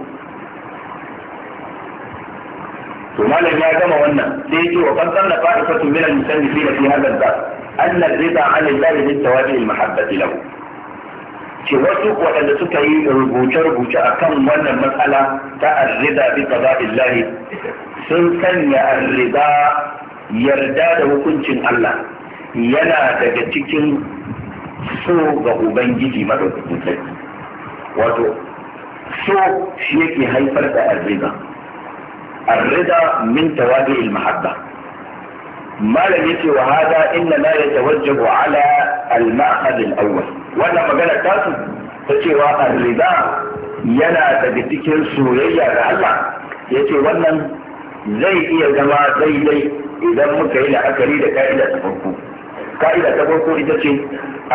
ثم لم يعدم وانا سيجي وقدرنا فائفة من المسنفين في هذا الباب أن الرضا عن الله من توابع المحبة له ce wasu waɗanda suka yi rubuce-rubuce a kan wannan matsala ta arrida bi qada illahi sun sanya arrida yarda da hukuncin Allah yana daga cikin so ga ubangiji madaukakin wato so shi yake haifar da arrida arrida min tawadi mahabba malam yace wa hada inna ma yatawajjabu ala al-ma'had al-awwal wannan magana ta su ta cewa arriba yana daga cikin soyayya ga Allah ya ce wannan zai iya zama daidai idan muka yi la'akari da ka'ida ta farko ka'ida ta farko ita ce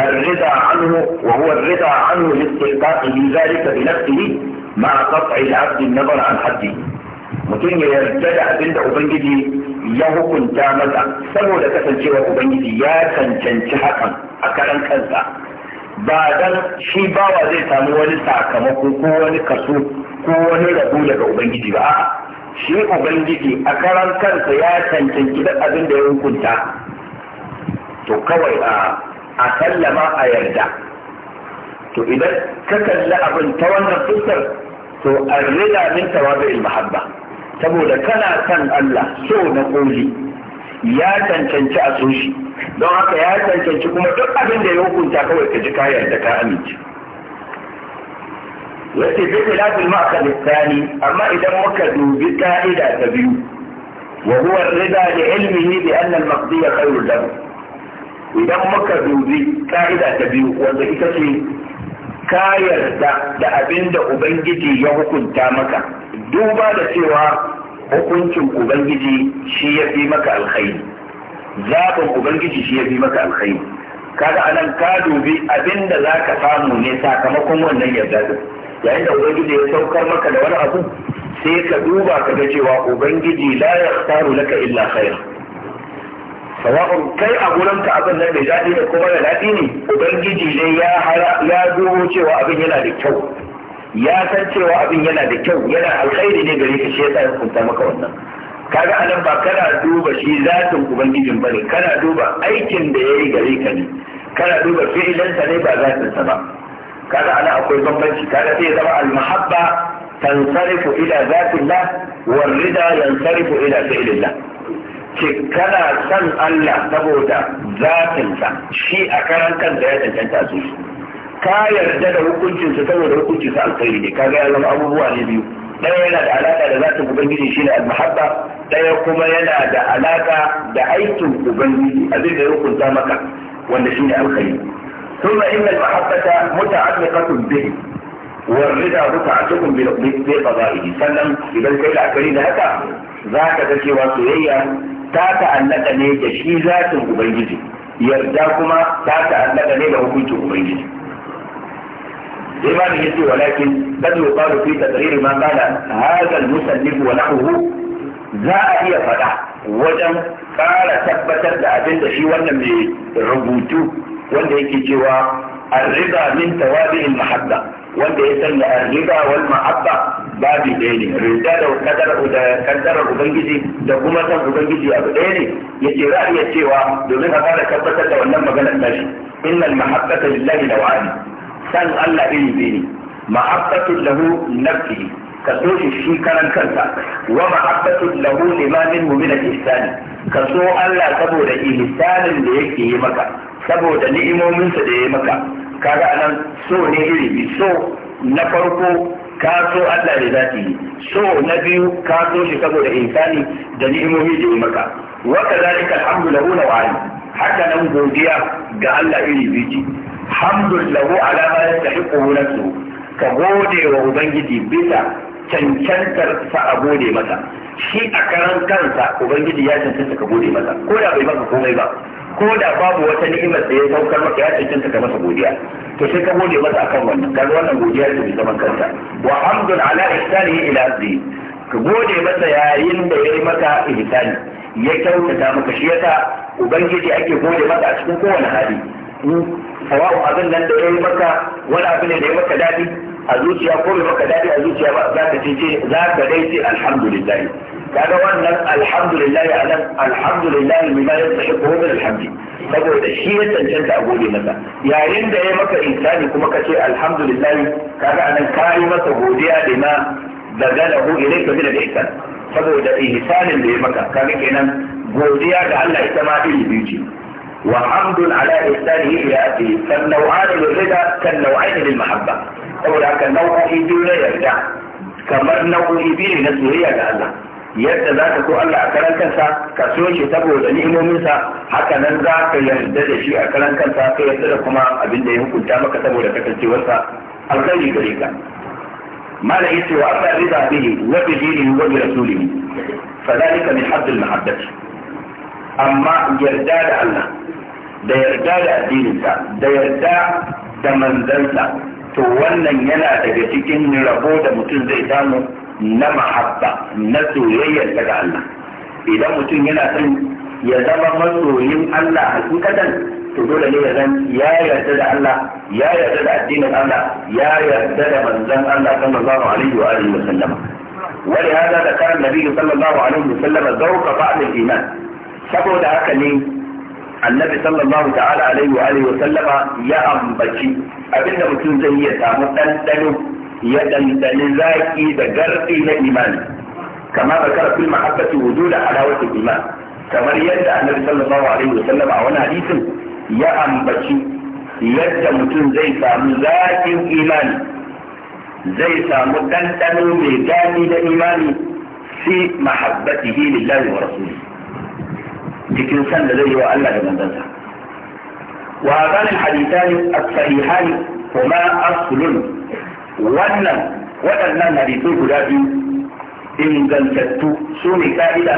arrida anhu wa huwa arrida anhu listiqa'i bi zalika bi nafsihi ma qat'i al-'abd an-nazar an haddi mutum ya yarda da abin da ubangiji ya hukunta masa saboda kasancewa ubangiji ya cancanci hakan a karan kansa ba dan shi bawa zai samu wani sakamako ko wani kaso ko wani rabu daga ubangiji ba a'a shi ubangiji a karan kansa ya cancanci da abin da ya hukunta to kawai a a sallama a yarda to idan ka kalli abin ta wannan fuskar to a rida min tawabi'il mahabba saboda kana san Allah so na koli ya cancanci a soshi don haka ya cancanci kuma duk abin da ya hukunta kawai ka ji kayar da ka amince yace bi khilafil ma'qal tsani amma idan muka dubi ka'ida ta biyu wa huwa rida li ilmihi bi anna al-maqdiy khairul lahu idan muka dubi ka'ida ta biyu wanda ita ce ka yarda da abin da ubangiji ya hukunta maka duba da cewa hukuncin ubangiji shi ya fi maka alkhairi zaɓin ubangiji shi ya fi maka alkhairi kaga anan ka dubi da za ka samu ne sakamakon wannan yarda din yayin da ubangiji ya saukar maka da wani abu sai ka duba ka ga cewa ubangiji la yakhtaru laka illa khair sawa'un kai a gurin ka abin nan bai daɗi ne kuma da daɗi ne ubangiji ne ya hara ya cewa abin yana da kyau ya san cewa abin yana da kyau yana alkhairi ne gare ka shi yasa ya hukunta maka wannan kaga anan ba kana duba shi zatin ubangijin bane kana duba aikin da yayi gare ka ne kana duba fi'ilansa ne ba zatinsa ba kaga ana akwai bambanci kaga sai zama al-mahabba tansarifu ila zatillah wal rida yansarifu ila fi'lillah ce kana san Allah saboda zatinsa shi a karan kansa ya cancanta su ka yarda da hukuncinsa saboda hukuncinsa alkhairi ne kaga ya zama abubuwa ne biyu ɗaya yana da alaƙa da zatin ubangiji shi ne almahabba ɗaya kuma yana da alaƙa da aikin ubangiji abin da ya hukunta maka wanda shi ne alkhairi ثم إن المحبة متعلقة به والرضا متعلق بقضائه sannan idan kai la'akari da haka za ka ga cewa soyayya ta ta'allaka ne da shi zatin ubangiji yarda kuma ta ta'allaka ne da hukuncin ubangiji إيمانه ولكن بل يقال في تقرير ما قال هذا المسلم ونحوه جاء هي فتح وجم قال تبتر لأبن شيء وانا من ربوتو وانا جوا الرضا من توابع المحبة وانا يسمى الرضا والمحبة باب ديني رضا لو كدر كدر ربنجزي دقومة ربنجزي أبو ديني يجي رأي جوا دونها قال تبتر لأبن ماشي إن المحبة لله نوعان san Allah iri biyu ne mahabbatul lahu nafsihi ka so shi shi karan kansa wa ma'abbatun lahu limamin mu min ihsani ka so Allah saboda ihsanin da yake yi maka saboda ni'imominsa da ya maka kaga anan so ne iri bi so na farko ka so Allah da zati yi so na biyu ka so shi saboda ihsani da ni'imomi da ya maka wa kadhalika alhamdu lahu wa haka nan godiya ga Allah iri biyu hamdun lahu ala ma yastahiqu nafsu ka gode wa ubangiji bisa cancantar sa a gode masa shi a karan kansa ubangiji ya cancanta ka gode masa ko da bai maka komai ba ko da babu wata ni'imar da ya saukar maka ya cancanta ka masa godiya to sai ka gode masa akan wannan kaga wannan godiya ce bi zaman kansa. wa Hamdul ala ihsanihi ila abdi ka gode masa yayin da ya yi maka ihsani ya kyautata maka shi yasa ubangiji ake gode masa a cikin kowane hali sawa'u abin nan da ya yi maka wani abu ne da ya maka daɗi a zuciya ko bai maka daɗi a zuciya ba za ka ce za ka dai ce alhamdulillahi kaga wannan alhamdulillahi a nan alhamdulillahi alhamdulillah bima yastahiqu min alhamdi saboda shi ya cancanta a gode masa yayin da ya maka insani kuma ka ce alhamdulillahi kaga a nan ka yi masa godiya da na daga ma dagalahu ka min da ihsan saboda ihsanin da ya maka kaga kenan godiya ga Allah ita ma iri ce وحمد على إحسانه إلى أبي فالنوعان للرضا كالنوعين للمحبة أو لك نوع إبيل يرجع كما نوع إيدي نسوه يا جعلة يرد ذاك كو الله أكلن كنسا كسوش يتبو إمو مومنسا حتى ننزع في يرد ذي أكلن كنسا في يرد ذاكما أبن ديه كتاب كتبو لك كالتوسا الغني كريكا ما لا يسوى أبا رضا به وبجيله وبرسوله فذلك من حد المحبة amma yarda da Allah da yarda da addininsa da yarda da manzansa to wannan yana daga cikin rabo da mutum zai samu na mahabba na soyayyar ga Allah idan mutum yana son ya zama masoyin Allah hakikatan to dole ne ya zan ya yarda da Allah ya yarda da addinin Allah ya yarda da manzon Allah sallallahu alaihi wa alihi wa sallama da ذكر النبي صلى الله عليه وسلم ذوق بعض الإيمان saboda haka ne annabi sallallahu ta'ala alaihi wa alihi wa sallama ya ambaci abinda mutum zai iya samu ɗanɗano ya ɗanɗani zaki da garbi na imani kama da fil mahabbati wujuda alawati iman kamar yadda annabi sallallahu alaihi wa sallama a wani hadisin ya ambaci yadda mutum zai samu zakin imani zai samu ɗanɗano mai gani da imani fi mahabbatihi lillahi wa rasulihi cikin san da zai yi wa Allah da manzansa wa hadani hadithani as-sahihani kuma aslun wannan waɗannan hadisai guda biyu ingantattu su ne ka'ida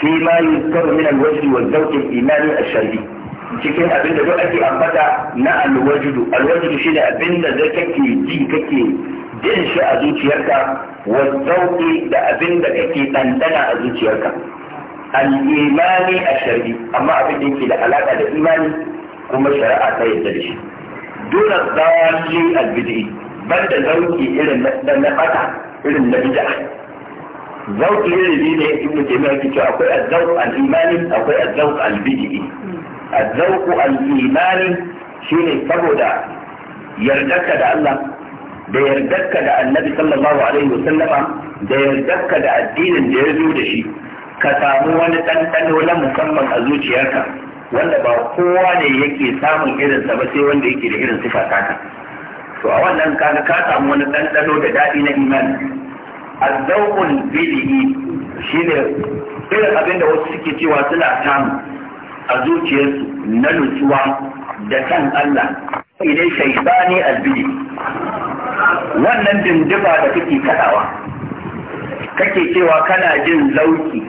fi ma yuzkaru min al wa zawqi al-imani ash-shaybi cikin abin da duk ake ambata na alwajidu alwajidu shine abin da zai kake ji kake jin shi a zuciyarka wa da abin da kake ɗanɗana a zuciyarka Al'imani a ash amma abin da yake da alaƙa da imani kuma shari'a ta yadda da shi dole zalli albidi ban da zauki irin na na irin na bid'a zauki irin ne ibnu taymiya yake cewa akwai az-zawq al akwai az-zawq al-bid'i az-zawq al'imani shi ne saboda yardarka da Allah da yardarka da annabi sallallahu alaihi wasallama da yardarka da addinin da ya zo da shi ka samu wani ɗanɗano na musamman a zuciyarka wanda ba kowa ne yake samun irinsa ba sai wanda yake da irin sifa ka, to a wannan kaga ka samu wani ɗanɗano da daɗi na imani azzaukun shi ne irin abin da wasu suke cewa suna samu a zuciyarsu na nutsuwa da san Allah idan shaitani albidi wannan dindiba da kake kadawa kake cewa kana jin lauki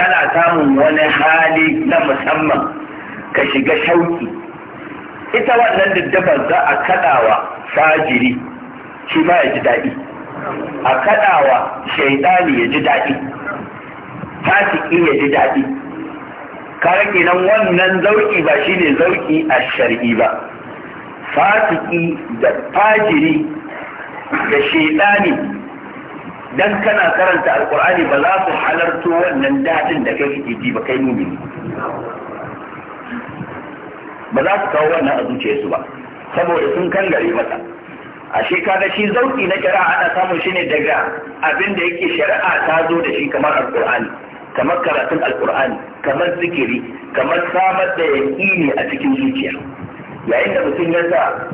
kana samun wani hali na musamman ka shiga shauki ita wannan daddaba za a kaɗawa fajiri shi ma ya ji daɗi a kaɗawa shaidani ya ji daɗi fasiki ya ji daɗi kare kenan wannan zauki ba shine zauki a shar'i ba fasiki da fajiri da shaidani dan kana karanta alkur'ani ba za su halarto wannan dadin da kai kake ji ba kai mumini ba za su kawo wannan a zuciyarsu ba saboda sun kangare mata ashe da shi zauki na kira ana samun shi ne daga abin da yake shari'a ta zo da shi kamar alkur'ani kamar karatun alkur'ani kamar zikiri kamar samar da yaƙini a cikin zuciya yayin da mutum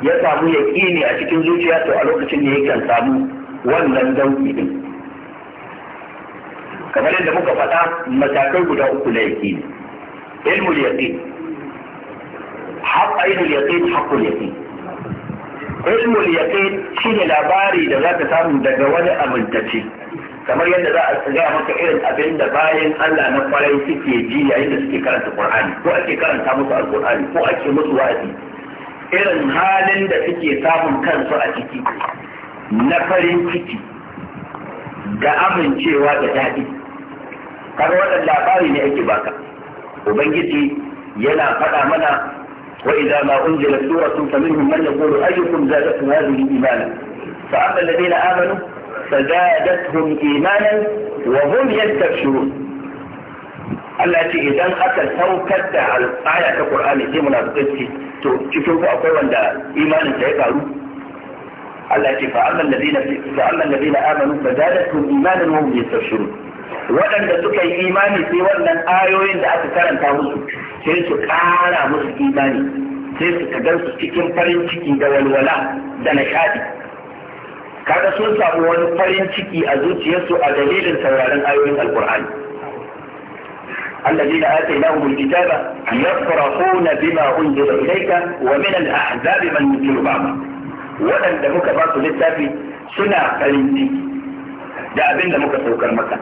ya samu yaƙini a cikin zuciya to a lokacin ne yake samu wannan dauki din kamar yadda muka faɗa matakai guda uku na Ilmu da yaki ilmul yaqin haqqainul yaqin haqqul yaqin ilmul yaqin shine labari da za zaka samu daga wani amintacce kamar yadda za a gaya maka irin abin da bayan Allah na kwarai suke ji yayin da suke karanta Qur'ani ko ake karanta musu Al-Qur'ani ko ake musu wa'azi irin halin da suke samun kansu a ciki na farin ciki da amincewa da daɗi kaga wannan labari ne ake baka ubangiji yana faɗa mana وإذا ما أنزلت سورة فمنهم من يقول أيكم زادت هذه إيمانا فأما الذين آمنوا فزادتهم إيمانا وهم يستبشرون التي إذا أتى توكت على آية القرآن زي منافقتي تشوفوا أقوى عند إيمان سيفعلون التي فعل الذين فعل الذين آمنوا فزادتهم إيمانا وهم يستبشرون ولن تسكى إيماني في ولن آيوين ذات كرم تاوزو سيسو كارا مصر إيماني سيسو كدرس تكين فرين تكي دول ولا دنشادي كارا سلسا وان فرين تكي أزوت يسو أدليل سوالن آيوين القرآن الذين آتيناهم الكتاب يفرحون بما أنزل إليك ومن الأحزاب من يكير بعضهم waɗanda muka ba su littafi suna farin ciki da abin da muka saukar maka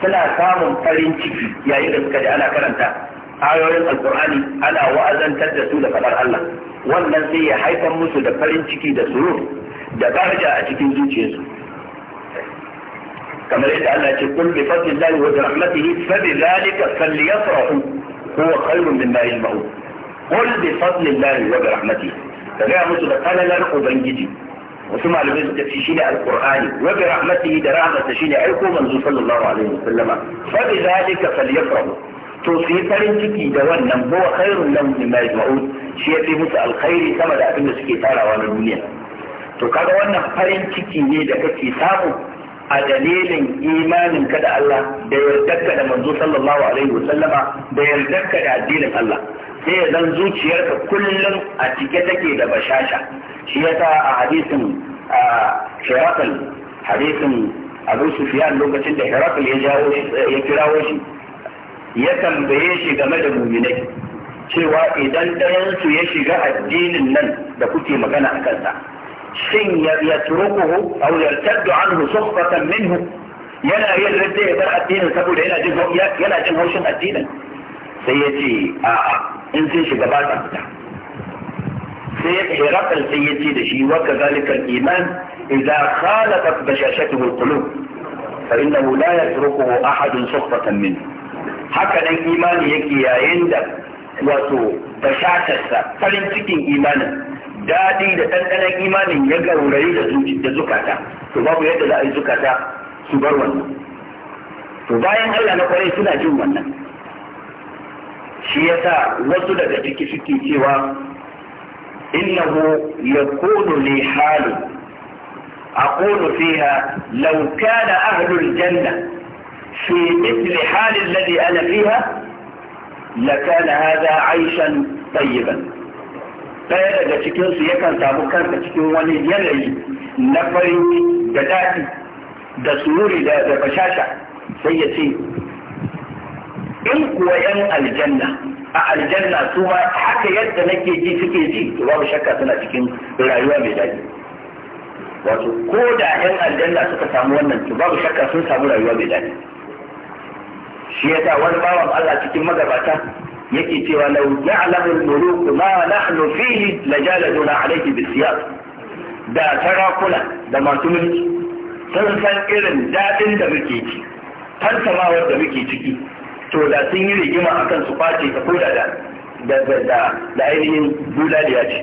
suna samun farin ciki yayin da suka ji ana karanta ayoyin alkur'ani ana wa'azantar da su da kamar Allah wannan sai ya haifar musu da farin ciki da surur da barja a cikin zuciyarsu kamar yadda Allah ce kun bi fadlillahi wa rahmatihi fa bi dhalika falyafrahu huwa khayrun mimma yajma'un qul bi fadlillahi wa rahmatihi ka gaya musu da kalalar ubangiji wasu malamai suka ce shine alqur'ani wa bi rahmatihi da rahmatsa shine aiko manzo sallallahu alaihi wasallama fa bi zalika falyafrahu to su yi farin ciki da wannan huwa khairun lahum mimma yajma'un shi ya fi musu alkhairi sama da abin da suke tarawa na duniya to kaga wannan farin ciki ne da kake samu a dalilin imanin ka da Allah da yardarka da manzo sallallahu alaihi wasallama da yardarka da addinin Allah sai ya zan zuciyarka kullum a cike take da bashasha shi ya sa a hadisin a shirakal hadisin abu sufiyan lokacin da shirakal ya jawo ya kirawo shi ya tambaye shi game da muminai cewa idan ɗayansu ya shiga addinin nan da kuke magana a kansa shin ya turukuhu aw yartaddu anhu sukhfatan minhu yana yin radda ya bar addinin saboda yana jin yana jin haushin addinin sai ya ce a'a in sun shiga ba ta fita sai hirakal sai ya ce da shi wa kazalikal iman idza khalaqat bashashatuhu alqulub fa innahu la yatrukuhu ahadun sukhfatan min haka nan imani yake yayin da wato bashatarsa farin cikin imanin daɗi da ɗanɗanon imanin ya gaurayi da zukata to babu yadda za a yi zukata su bar wannan to bayan Allah na kwarai suna jin wannan shi yasa wasu daga ciki suke cewa innahu yakunu li halu aqulu fiha law kana ahlul janna fi mithli hali alladhi ana fiha lakana hadha aishan tayyiban daya daga cikin su yakan samu kansa cikin wani yanayi na farin da dadi da sururi da bashasha sai ya ce in kuwa yan aljanna a aljanna su ma haka yadda nake ji suke ji babu shakka suna cikin rayuwa mai daɗi wato ko da yan aljanna suka samu wannan to babu shakka sun samu rayuwa mai daɗi shi yasa wani bawan Allah cikin magabata yake cewa law ya'lamu al-muluk ma nahnu fihi lajaladuna alayhi bisiyas da sarakuna da masu mulki sun san irin daɗin da muke ci tantamawar da muke ciki to da sun yi rigima akan su face ta koda da da da ainihin bulaliya ce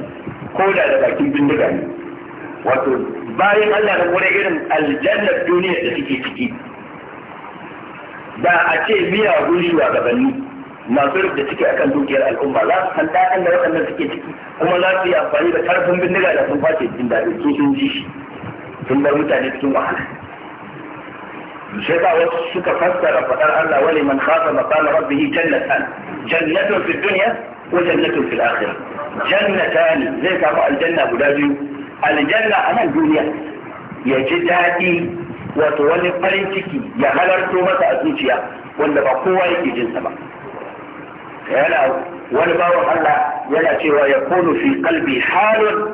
koda da bakin bindiga ne wato bayan Allah na kore irin aljannar duniya da suke ciki da a ce miya wa gabanni, masu da suke akan dukiyar al'umma za su san daɗin da waɗannan suke ciki kuma za su yi amfani da karfin bindiga da sun face jin daɗi sun ji shi sun bar mutane cikin wahala شبا وسك فسر فقال الله ولمن خاف مقام ربه جنتان جنة في الدنيا وجنة في الآخرة جنتان ليس هو الجنة بلادي الجنة أنا الدنيا يجدادي وتولي قرنتكي يغلر توبة أتنشيا وانا بقوة يكي جنسة ما يلا ونباو الله يلا ويكون في قلبي حال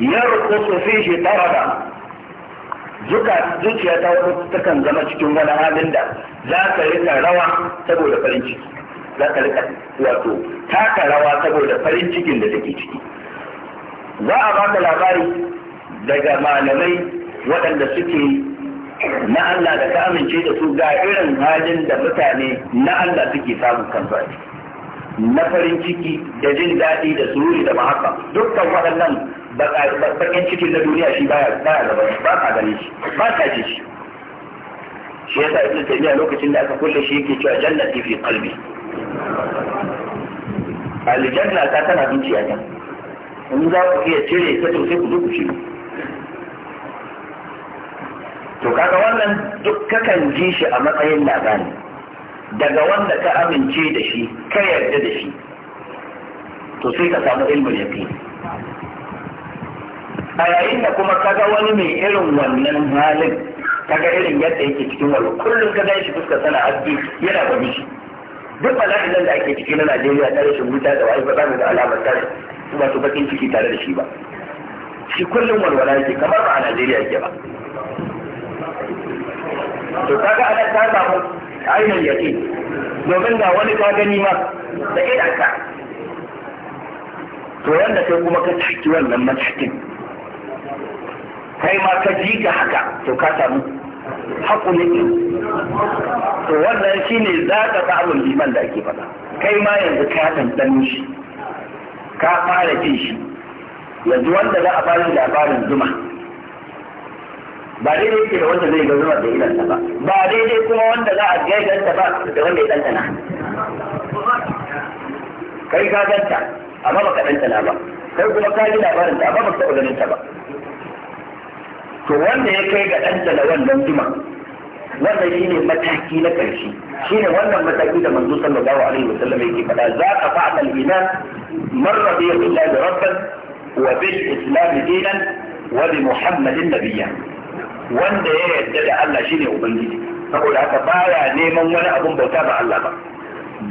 يرقص فيه طردا Zuka zuciya ta wani takan zama cikin wani halin da za ka rika rawa saboda farin ciki za ka rika wato taka rawa saboda farin cikin da take ciki za a baka labari daga malamai waɗanda suke na Allah da ka amince da su ga irin halin da mutane na Allah suke samun kansu na farin ciki da jin daɗi da sururi da mahaka dukkan waɗannan bakin cikin na duniya shi ba ya gaba ba a gani shi ba ka ji shi shi ya yasa ibn taymiya lokacin da aka kulle shi yake cewa jannati fi qalbi aljanna ta tana zuciya ta in za ku iya cire ta to sai ku zo ku cire to kaga wannan duk kakan ji shi a matsayin labari daga wanda ka amince da shi ka yarda da shi to sai ka samu ilmin yaqini a yayin da kuma kaga wani mai irin wannan halin kaga irin yadda yake cikin wani kullum ka gan shi fuskar sana aski yana gwabi shi duk bala'in nan da ake ciki na Najeriya tare rashin wuta da wani ba za mu ga alamar ta wato bakin ciki tare da shi ba shi kullum walwala yake kamar ba a Najeriya yake ba to kaga ana ta samu ainihin yake domin ga wani ka gani ma da idanka to yanda kai kuma ka taki wannan matakin kai ma ka ji ka haka to ka samu haƙulin to wannan shi ne za ka samun liman da ake faɗa kai ma yanzu ka ɗanɗano shi ka fara jin shi yanzu wanda za a fara labarin zuma ba daidai ke da wanda zai ga zuma da idanta ba ba daidai kuma wanda za a gaidanta ba da wanda ya ɗanɗana kai ka ganta amma ba ka ɗanɗana ba kai kuma ka ji labarin ta amma ba ka ta ba to wanda ya kai ga ɗanɗana wannan zuma wannan shine mataki na ƙarshe ne wannan mataki da manzo sallallahu alaihi Sallam yake faɗa za ka fa'ala al-iman man radiya billahi rabban wa bil islam dinan wa bi muhammadin nabiyya wanda ya yarda da Allah shine ubangiji saboda haka baya neman wani abun bauta ba Allah ba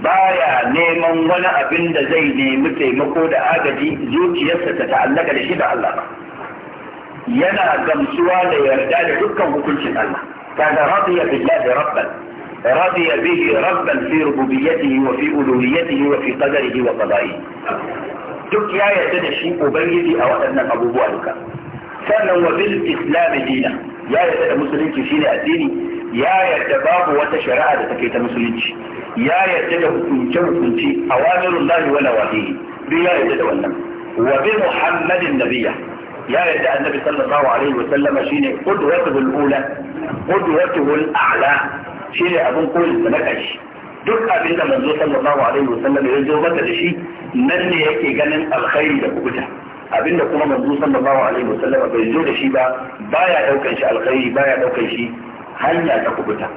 baya neman wani abin da zai nemi taimako da agaji zuciyarsa ta ta'allaka da shi da Allah ba ينا جمسوا ليرجع لحكم وكلشن الله كان راضي بالله ربا راضي به ربا في ربوبيته وفي ألوهيته وفي قدره وقضائه تك يا يتنى الشيء أبيدي أو أن أبوه ألك فنو بالإسلام دينا يا يتنى مسلمك فينا الديني يا يتباب وتشرع لتكيت مسلمك يا يتنى كنتم كنتي أوامر الله ونواهيه بلا يتنى ونم وبمحمد النبيه ya yarda annabi sallallahu alaihi wa sallama shine qudwatul ula qudwatul a'la shine abun koyi na kashi duk abin da manzo sallallahu alaihi wa sallama ya zo mata da shi nan ne yake ganin alkhairi da kubuta abinda kuma manzo sallallahu alaihi wa sallama bai zo da shi ba baya daukan shi alkhairi baya daukan shi hanya ta kubuta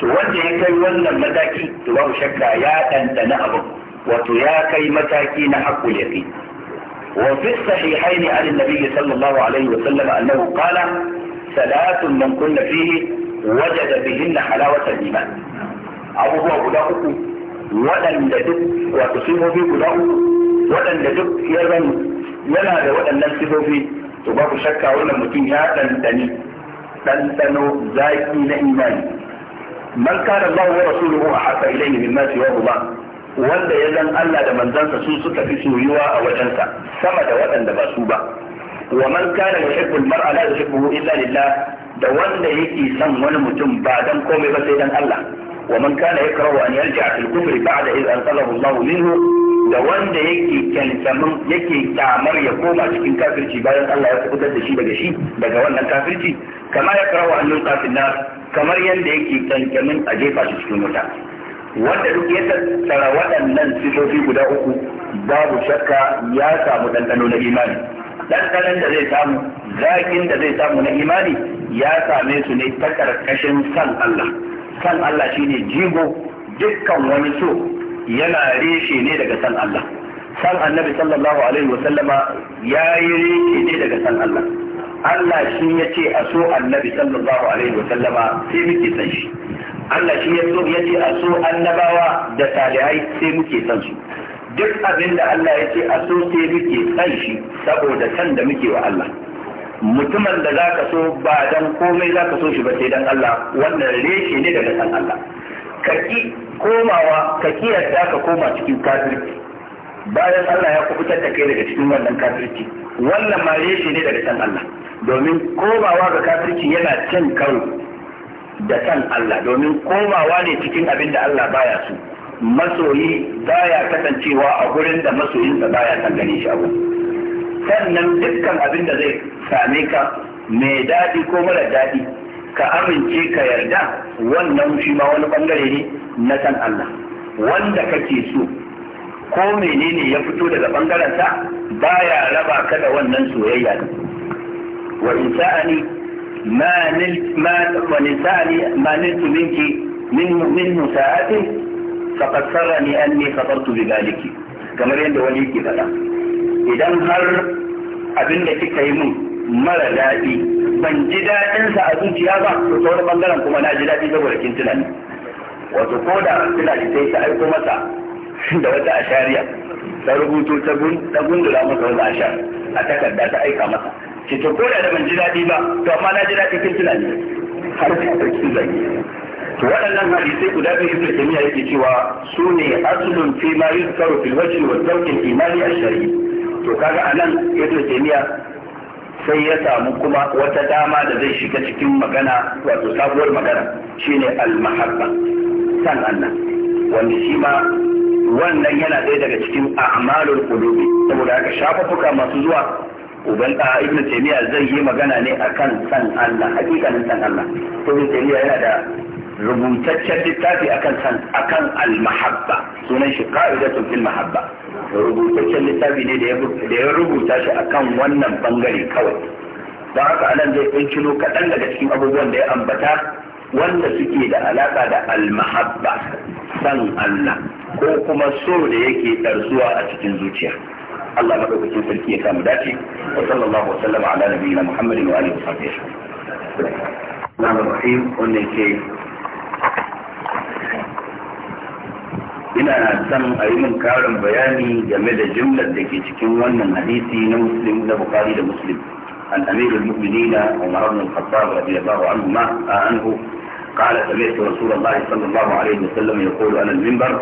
to wanda ya kai wannan mataki to babu shakka ya dandana abin wato ya kai mataki na haƙƙul yaqin وفي الصحيحين عن النبي صلى الله عليه وسلم أنه قال ثلاث من كن فيه وجد بهن حلاوة الإيمان أو هو أبوه ولن يجب وتصيبه في أبوه ولن يجب يرمي يلا ولن ننسبه في تباك شكا ولا متين يا تنتني تنتنو زائد من إيمان من كان الله ورسوله أحب إليه مما سواه الله wanda ya zan Allah da manzansa su suka fi soyuwa a wajensa sama da waɗanda ba su ba wa man kana yuhibbu al-mar'a la yuhibbu illa lillah da wanda yake son wani mutum ba dan komai ba sai dan Allah wa man kana yakrahu an yarji'a fil kufri ba'da idh anqalahu Allah minhu da wanda yake kyankyamin yake kyamar ya koma cikin kafirci bayan Allah ya kubutar da shi daga shi daga wannan kafirci kama yakrahu an yulqa fil nar kamar yanda yake kyankyamin a jefa shi cikin wuta wanda duk ya tattara waɗannan sifofi guda uku babu shakka ya samu ɗanɗano na imani ɗanɗanon da zai samu zaƙin da zai samu na imani ya same su ne ta ƙarƙashin san Allah san Allah shine jigo dukkan wani so yana reshe ne daga san Allah san annabi sallallahu alaihi wa sallama ya yi reshe ne daga san Allah Allah shi ya ce a so annabi sallallahu alaihi wa sallama sai muke san shi Allah shi ya so ya ce a so annabawa da salihai sai muke san su duk abin da Allah ya ce a so sai muke san shi saboda san da muke wa Allah mutumin da za ka so ba dan komai za ka so shi ba sai dan Allah wannan reshe ne daga san Allah ka ki komawa ka kiyarta ka koma cikin kafirci bayan Allah ya kubutar da kai daga cikin wannan kafirci wannan ma reshe ne daga san Allah domin komawa ga kafirci yana cin karo da san Allah domin komawa ne cikin abin da Allah baya so masoyi baya kasancewa a gurin da masoyinsa baya kan gani shi abu sannan dukkan abin da zai same ka mai daɗi ko mara daɗi ka amince ka yarda wannan shi ma wani bangare ne na san Allah wanda kake so ko menene ya fito daga bangaren sa baya raba ka da wannan soyayya wa insa'ani ما نلت ما ونساني ما نلت منك منه منه ساعته فقد سرني أني خطرت بذلك كما يند وليك فلا إذا هر kika yi كيمون mara daɗi ban ji daɗinsa a zuciya ba to ta wani bangaren kuma na ji daɗi saboda kin tunani wato ko da tunani sai ta aiko masa da wata ashariya ta rubuto ta gundula masa wani ashar a takarda ta aika masa ki ta ko da ban ji daɗi ba to amma na ji daɗi kin tunani har sai ka kin zagi to waɗannan hadisai guda biyu ibnu taymiya yake cewa su ne aslun fi ma yuzkaru fil wajhi wa zawqil imani ash-shar'i to kaga anan ibnu taymiya sai ya samu kuma wata dama da zai shiga cikin magana wato sabuwar magana shine al-mahabba san Allah wanda shi ma wannan yana ɗaya daga cikin a'malul qulubi saboda haka shafafuka masu zuwa uban da ibn taymiya zai yi magana ne akan san Allah hakikanin san Allah ibn taymiya yana da rubutaccen littafi akan san akan al-mahabba sunan shi qa'idatun fil mahabba rubutaccen littafi ne da ya rubuta shi akan wannan bangare kawai don haka anan zai kuncino kaɗan daga cikin abubuwan da ya ambata wanda suke da alaƙa da al-mahabba san Allah ko kuma so da yake ɗarsuwa a cikin zuciya Allah madaukakin sarki ya samu dace wa sallallahu wa sallama ala nabiyina Muhammadin wa alihi wa sahbihi Allahu rahim wanda yake ina son a yi min karin bayani game da jumlar da ke cikin wannan hadisi na muslim da bukari da muslim an amir al-mu'minina umar ibn al-khattab radiyallahu anhu ma anhu قال سمعت رسول الله صلى الله عليه وسلم يقول على المنبر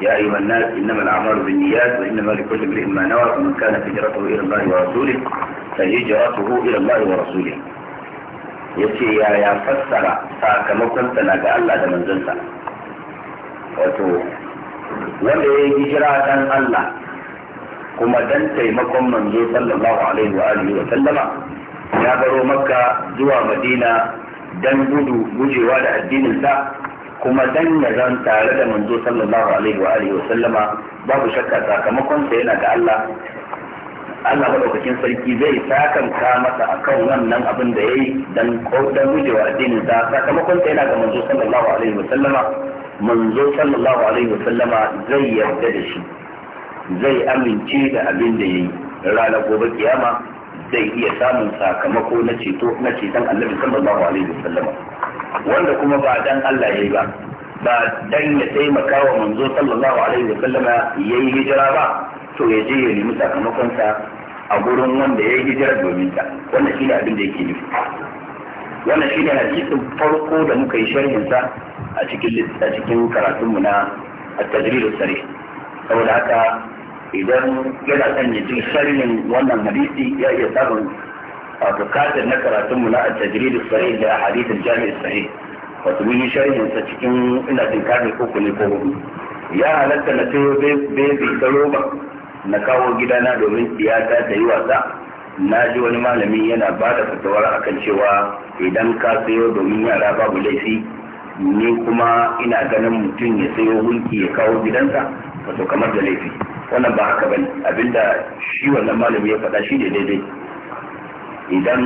يا أيها الناس إنما الاعمال بالنيات وإنما لكل امرئ ما نوى فمن كانت هجرته إلى الله ورسوله فهجرته إلى الله ورسوله يسي يا يا فسر فاكما كنت ناقى الله تمنزلت. من زلسة وتو ولي هجرة الله كما دنت مكم من صلى الله عليه وآله وسلم يا برو مكة زوى مدينة dan gudu gujewa da addinin sa kuma dan ya zan tare da manzo sallallahu alaihi wa alihi wa sallama babu shakka sakamakonsa yana ga Allah Allah madaukakin sarki zai sakanta masa akan wannan abin da yayi dan dan gujewa addinin sa sakamakon yana ga manzo sallallahu alaihi wa sallama manzo sallallahu alaihi wa sallama zai yarda da shi zai amince da abin da yayi ranar gobe kiyama zai iya samun sakamako na ceto na ceton annabi sallallahu alaihi wasallam wanda kuma ba dan Allah yayi ba ba dan ya taimaka wa manzo sallallahu alaihi wasallam yayi hijira ba to ya je ya nemi sakamakon sa a gurin wanda yayi hijira domin ta wannan shine abin da yake nufi wannan shine hadisin farko da muka yi sharhin sa a cikin a cikin karatun mu na at-tajrid sarih saboda haka idan yana kan ya ji sharhin wannan hadisi ya iya samun a bukatar na karatun mu na at-tajrid sahih da a jami as-sahih wato mun yi sharhin sa cikin ina jin kafin uku ne ko hudu ya halatta na sayo bezi da roba na kawo gidana domin siyasa ta yi wasa na ji wani malami yana ba da fatawar akan cewa idan ka sayo domin yara babu laifi ni kuma ina ganin mutum ya sayo hulki ya kawo gidansa wato kamar da laifi wannan ba haka bane abinda shi wannan malami ya faɗa shi ne daidai idan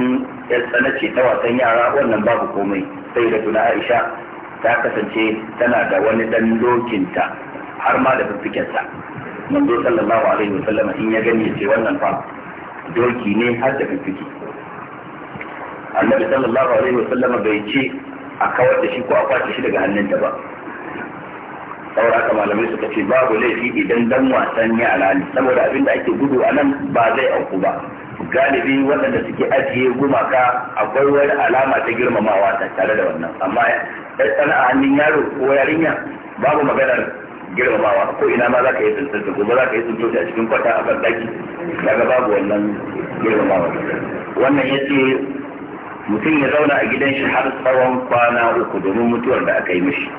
ya tsana ce ta wasan yara wannan babu komai sai da tuna aisha ta kasance tana da wani dan dokinta har ma da fiffikensa manzo sallallahu alaihi wa sallama in ya gani ce wannan fa doki ne har da fiffike annabi sallallahu alaihi wa sallama bai ce a kawar da shi ko a kwace shi daga hannunta ba saboda haka malamai suka ce babu laifi idan dan wasan ya alani saboda abin da ake gudu a nan ba zai auku ba galibi waɗanda suke ajiye gumaka akwai wani alama ta girmamawa ta tare da wannan amma ɗan sana'a hannun yaro ko yarinya babu maganar girmamawa ko ina ma za ka yi tsantsar da gobe za ka yi tsantsar a cikin kwata a kan daki daga babu wannan girmamawa wannan ya ce mutum ya zauna a gidan shi har tsawon kwana uku domin mutuwar da aka yi mishi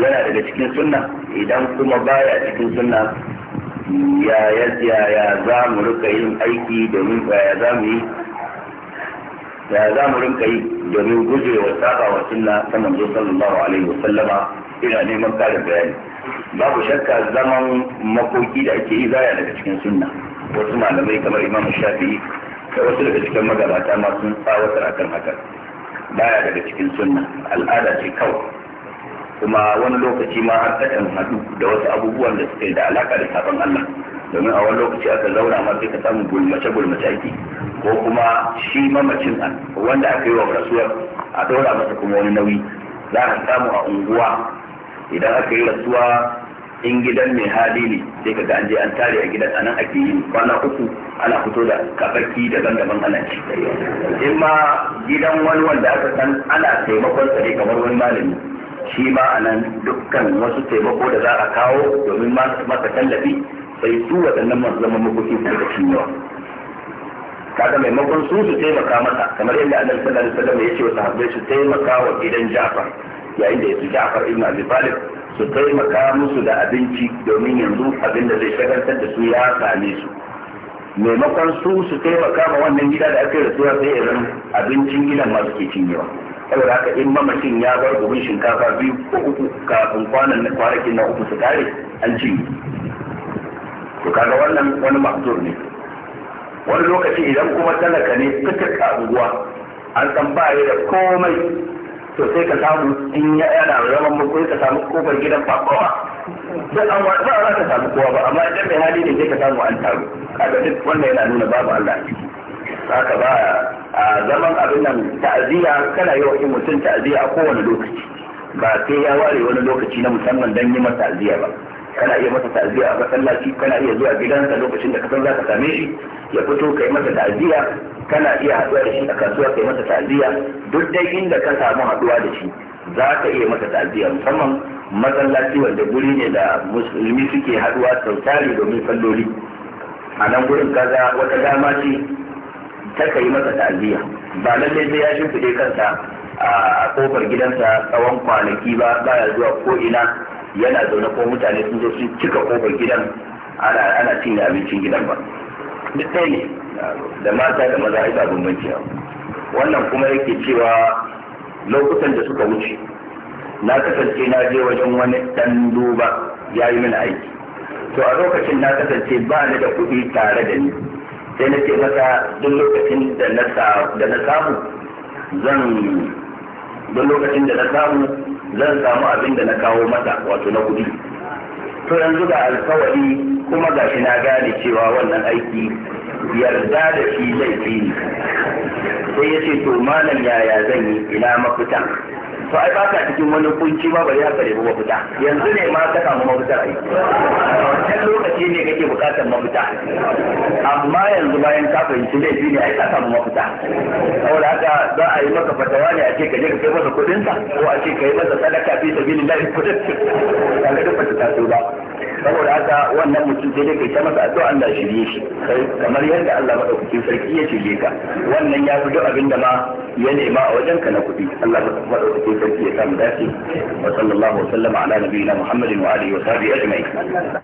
yana daga cikin sunna idan kuma baya cikin sunna ya ya ya za mu rika yin aiki domin ya za mu yi ya za mu rinka yi domin guje wa saba wa sunna ta manzo sallallahu alaihi wa sallama ina neman kare bayani babu shakka zaman makoki da ake yi zaya daga cikin sunna wasu malamai kamar imam shafi'i da wasu daga cikin magabata ma sun tsawatar akan hakan baya daga cikin sunna al'ada ce kawai kuma wani lokaci ma har takan haɗu da wasu abubuwan da suke da alaka da sabon Allah domin a wani lokaci aka zauna ma sai ka samu gulmace gulmace ake ko kuma shi mamacin wanda aka yi wa rasuwar a ɗora masa kuma wani nauyi za ka samu a unguwa idan aka yi rasuwa in gidan mai hali ne sai ka an je an tare a gidan anan ake yi kwana uku ana fito da kafaki daban-daban ana ci in ma gidan wani wanda aka san ana taimakon sa kamar wani malami shi ma a nan dukkan wasu taimako da za a kawo domin masu tallafi sai su waɗannan masu zama makoki su da cinyewa kaga maimakon su su taimaka masa kamar yadda annabi sallallahu alaihi wasallam ya ce wa sahabbai su taimaka wa gidan Ja'far yayin da yasu Ja'far ibn Abi Talib su taimaka musu da abinci domin yanzu abin da zai shagaltar da su ya same su maimakon su su taimaka ma wannan gida da aka yi rasuwa sai irin abincin gidan masu ke cinyewa saboda haka in mamacin ya bar gobin shinkafa biyu ko uku kafin kwanan na kwanakin na uku su kare an ci to kaga wannan wani mahzur ne wani lokaci idan kuma talaka ne suka unguwa an san ba da komai to sai ka samu in ya yana zaman mu ka samu kofar gidan babawa duk an wa ba za ka samu kowa ba amma idan mai hali ne sai ka samu an taru kaga duk wannan yana nuna babu Allah a haka ba a zaman abin nan ta'aziyya kana yi wa mutum ta'aziya a kowane lokaci ba sai ya ware wani lokaci na musamman dan yi masa ta'aziyya ba kana iya masa ta'aziyya a masallaci kana iya zuwa gidansa lokacin da kasan zaka same shi ya fito kai masa ta'aziyya kana iya haɗuwa da shi a kasuwa kai masa ta'aziyya duk dai inda ka samu haɗuwa da shi za ka iya masa ta'aziyya musamman masallaci wanda guri ne da musulmi suke haɗuwa sautari domin salloli a nan gurin kaza wata dama ce kar yi masa ta'aziyya ba lallai sai ya shimfiɗe kansa a kofar gidansa tsawon kwanaki ba baya zuwa ko ina yana zaune ko mutane sun zo sun cika kofar gidan ana cin abincin gidan ba duk ɗaya ne da mata da maza ita bambanci wannan kuma yake cewa lokutan da suka wuce na kasance na je wajen wani ɗan duba ya yi mini aiki to a lokacin na kasance ba ni da kuɗi tare da ni sai na ce mata duk lokacin da na samu zan duk lokacin da na samu zan samu abin da na kawo masa wato na kuɗi to yanzu ga alkawari kuma ga shi na gane cewa wannan aiki yarda da shi laifi ne sai ya ce to malam yaya zan yi ina mafita to ai ba ka cikin wani kunci ba bari haka ba mafita yanzu ne ma ka samu mafita yi. a wancan lokaci ne kake bukatar mafita amma yanzu bayan ka fahimci laifi ne ai ka samu mafita saboda haka za a yi maka fatawa ne a ce ka je ka kai masa kuɗin sa ko a ce ka yi masa sadaka fi sabilillahi kudin ka ga duk ba ta ba saboda haka wannan mutum sai dai kai ta masa addu'a Allah shirye shi kamar yadda Allah madaukakin sarki ya shirye ka wannan ya fi duk abin da ma ya nema a wajenka na kuɗi Allah madaukakin الفيديو كان ذاتي وصلى الله وسلم على نبينا محمد وعلى اله وصحبه أجمعين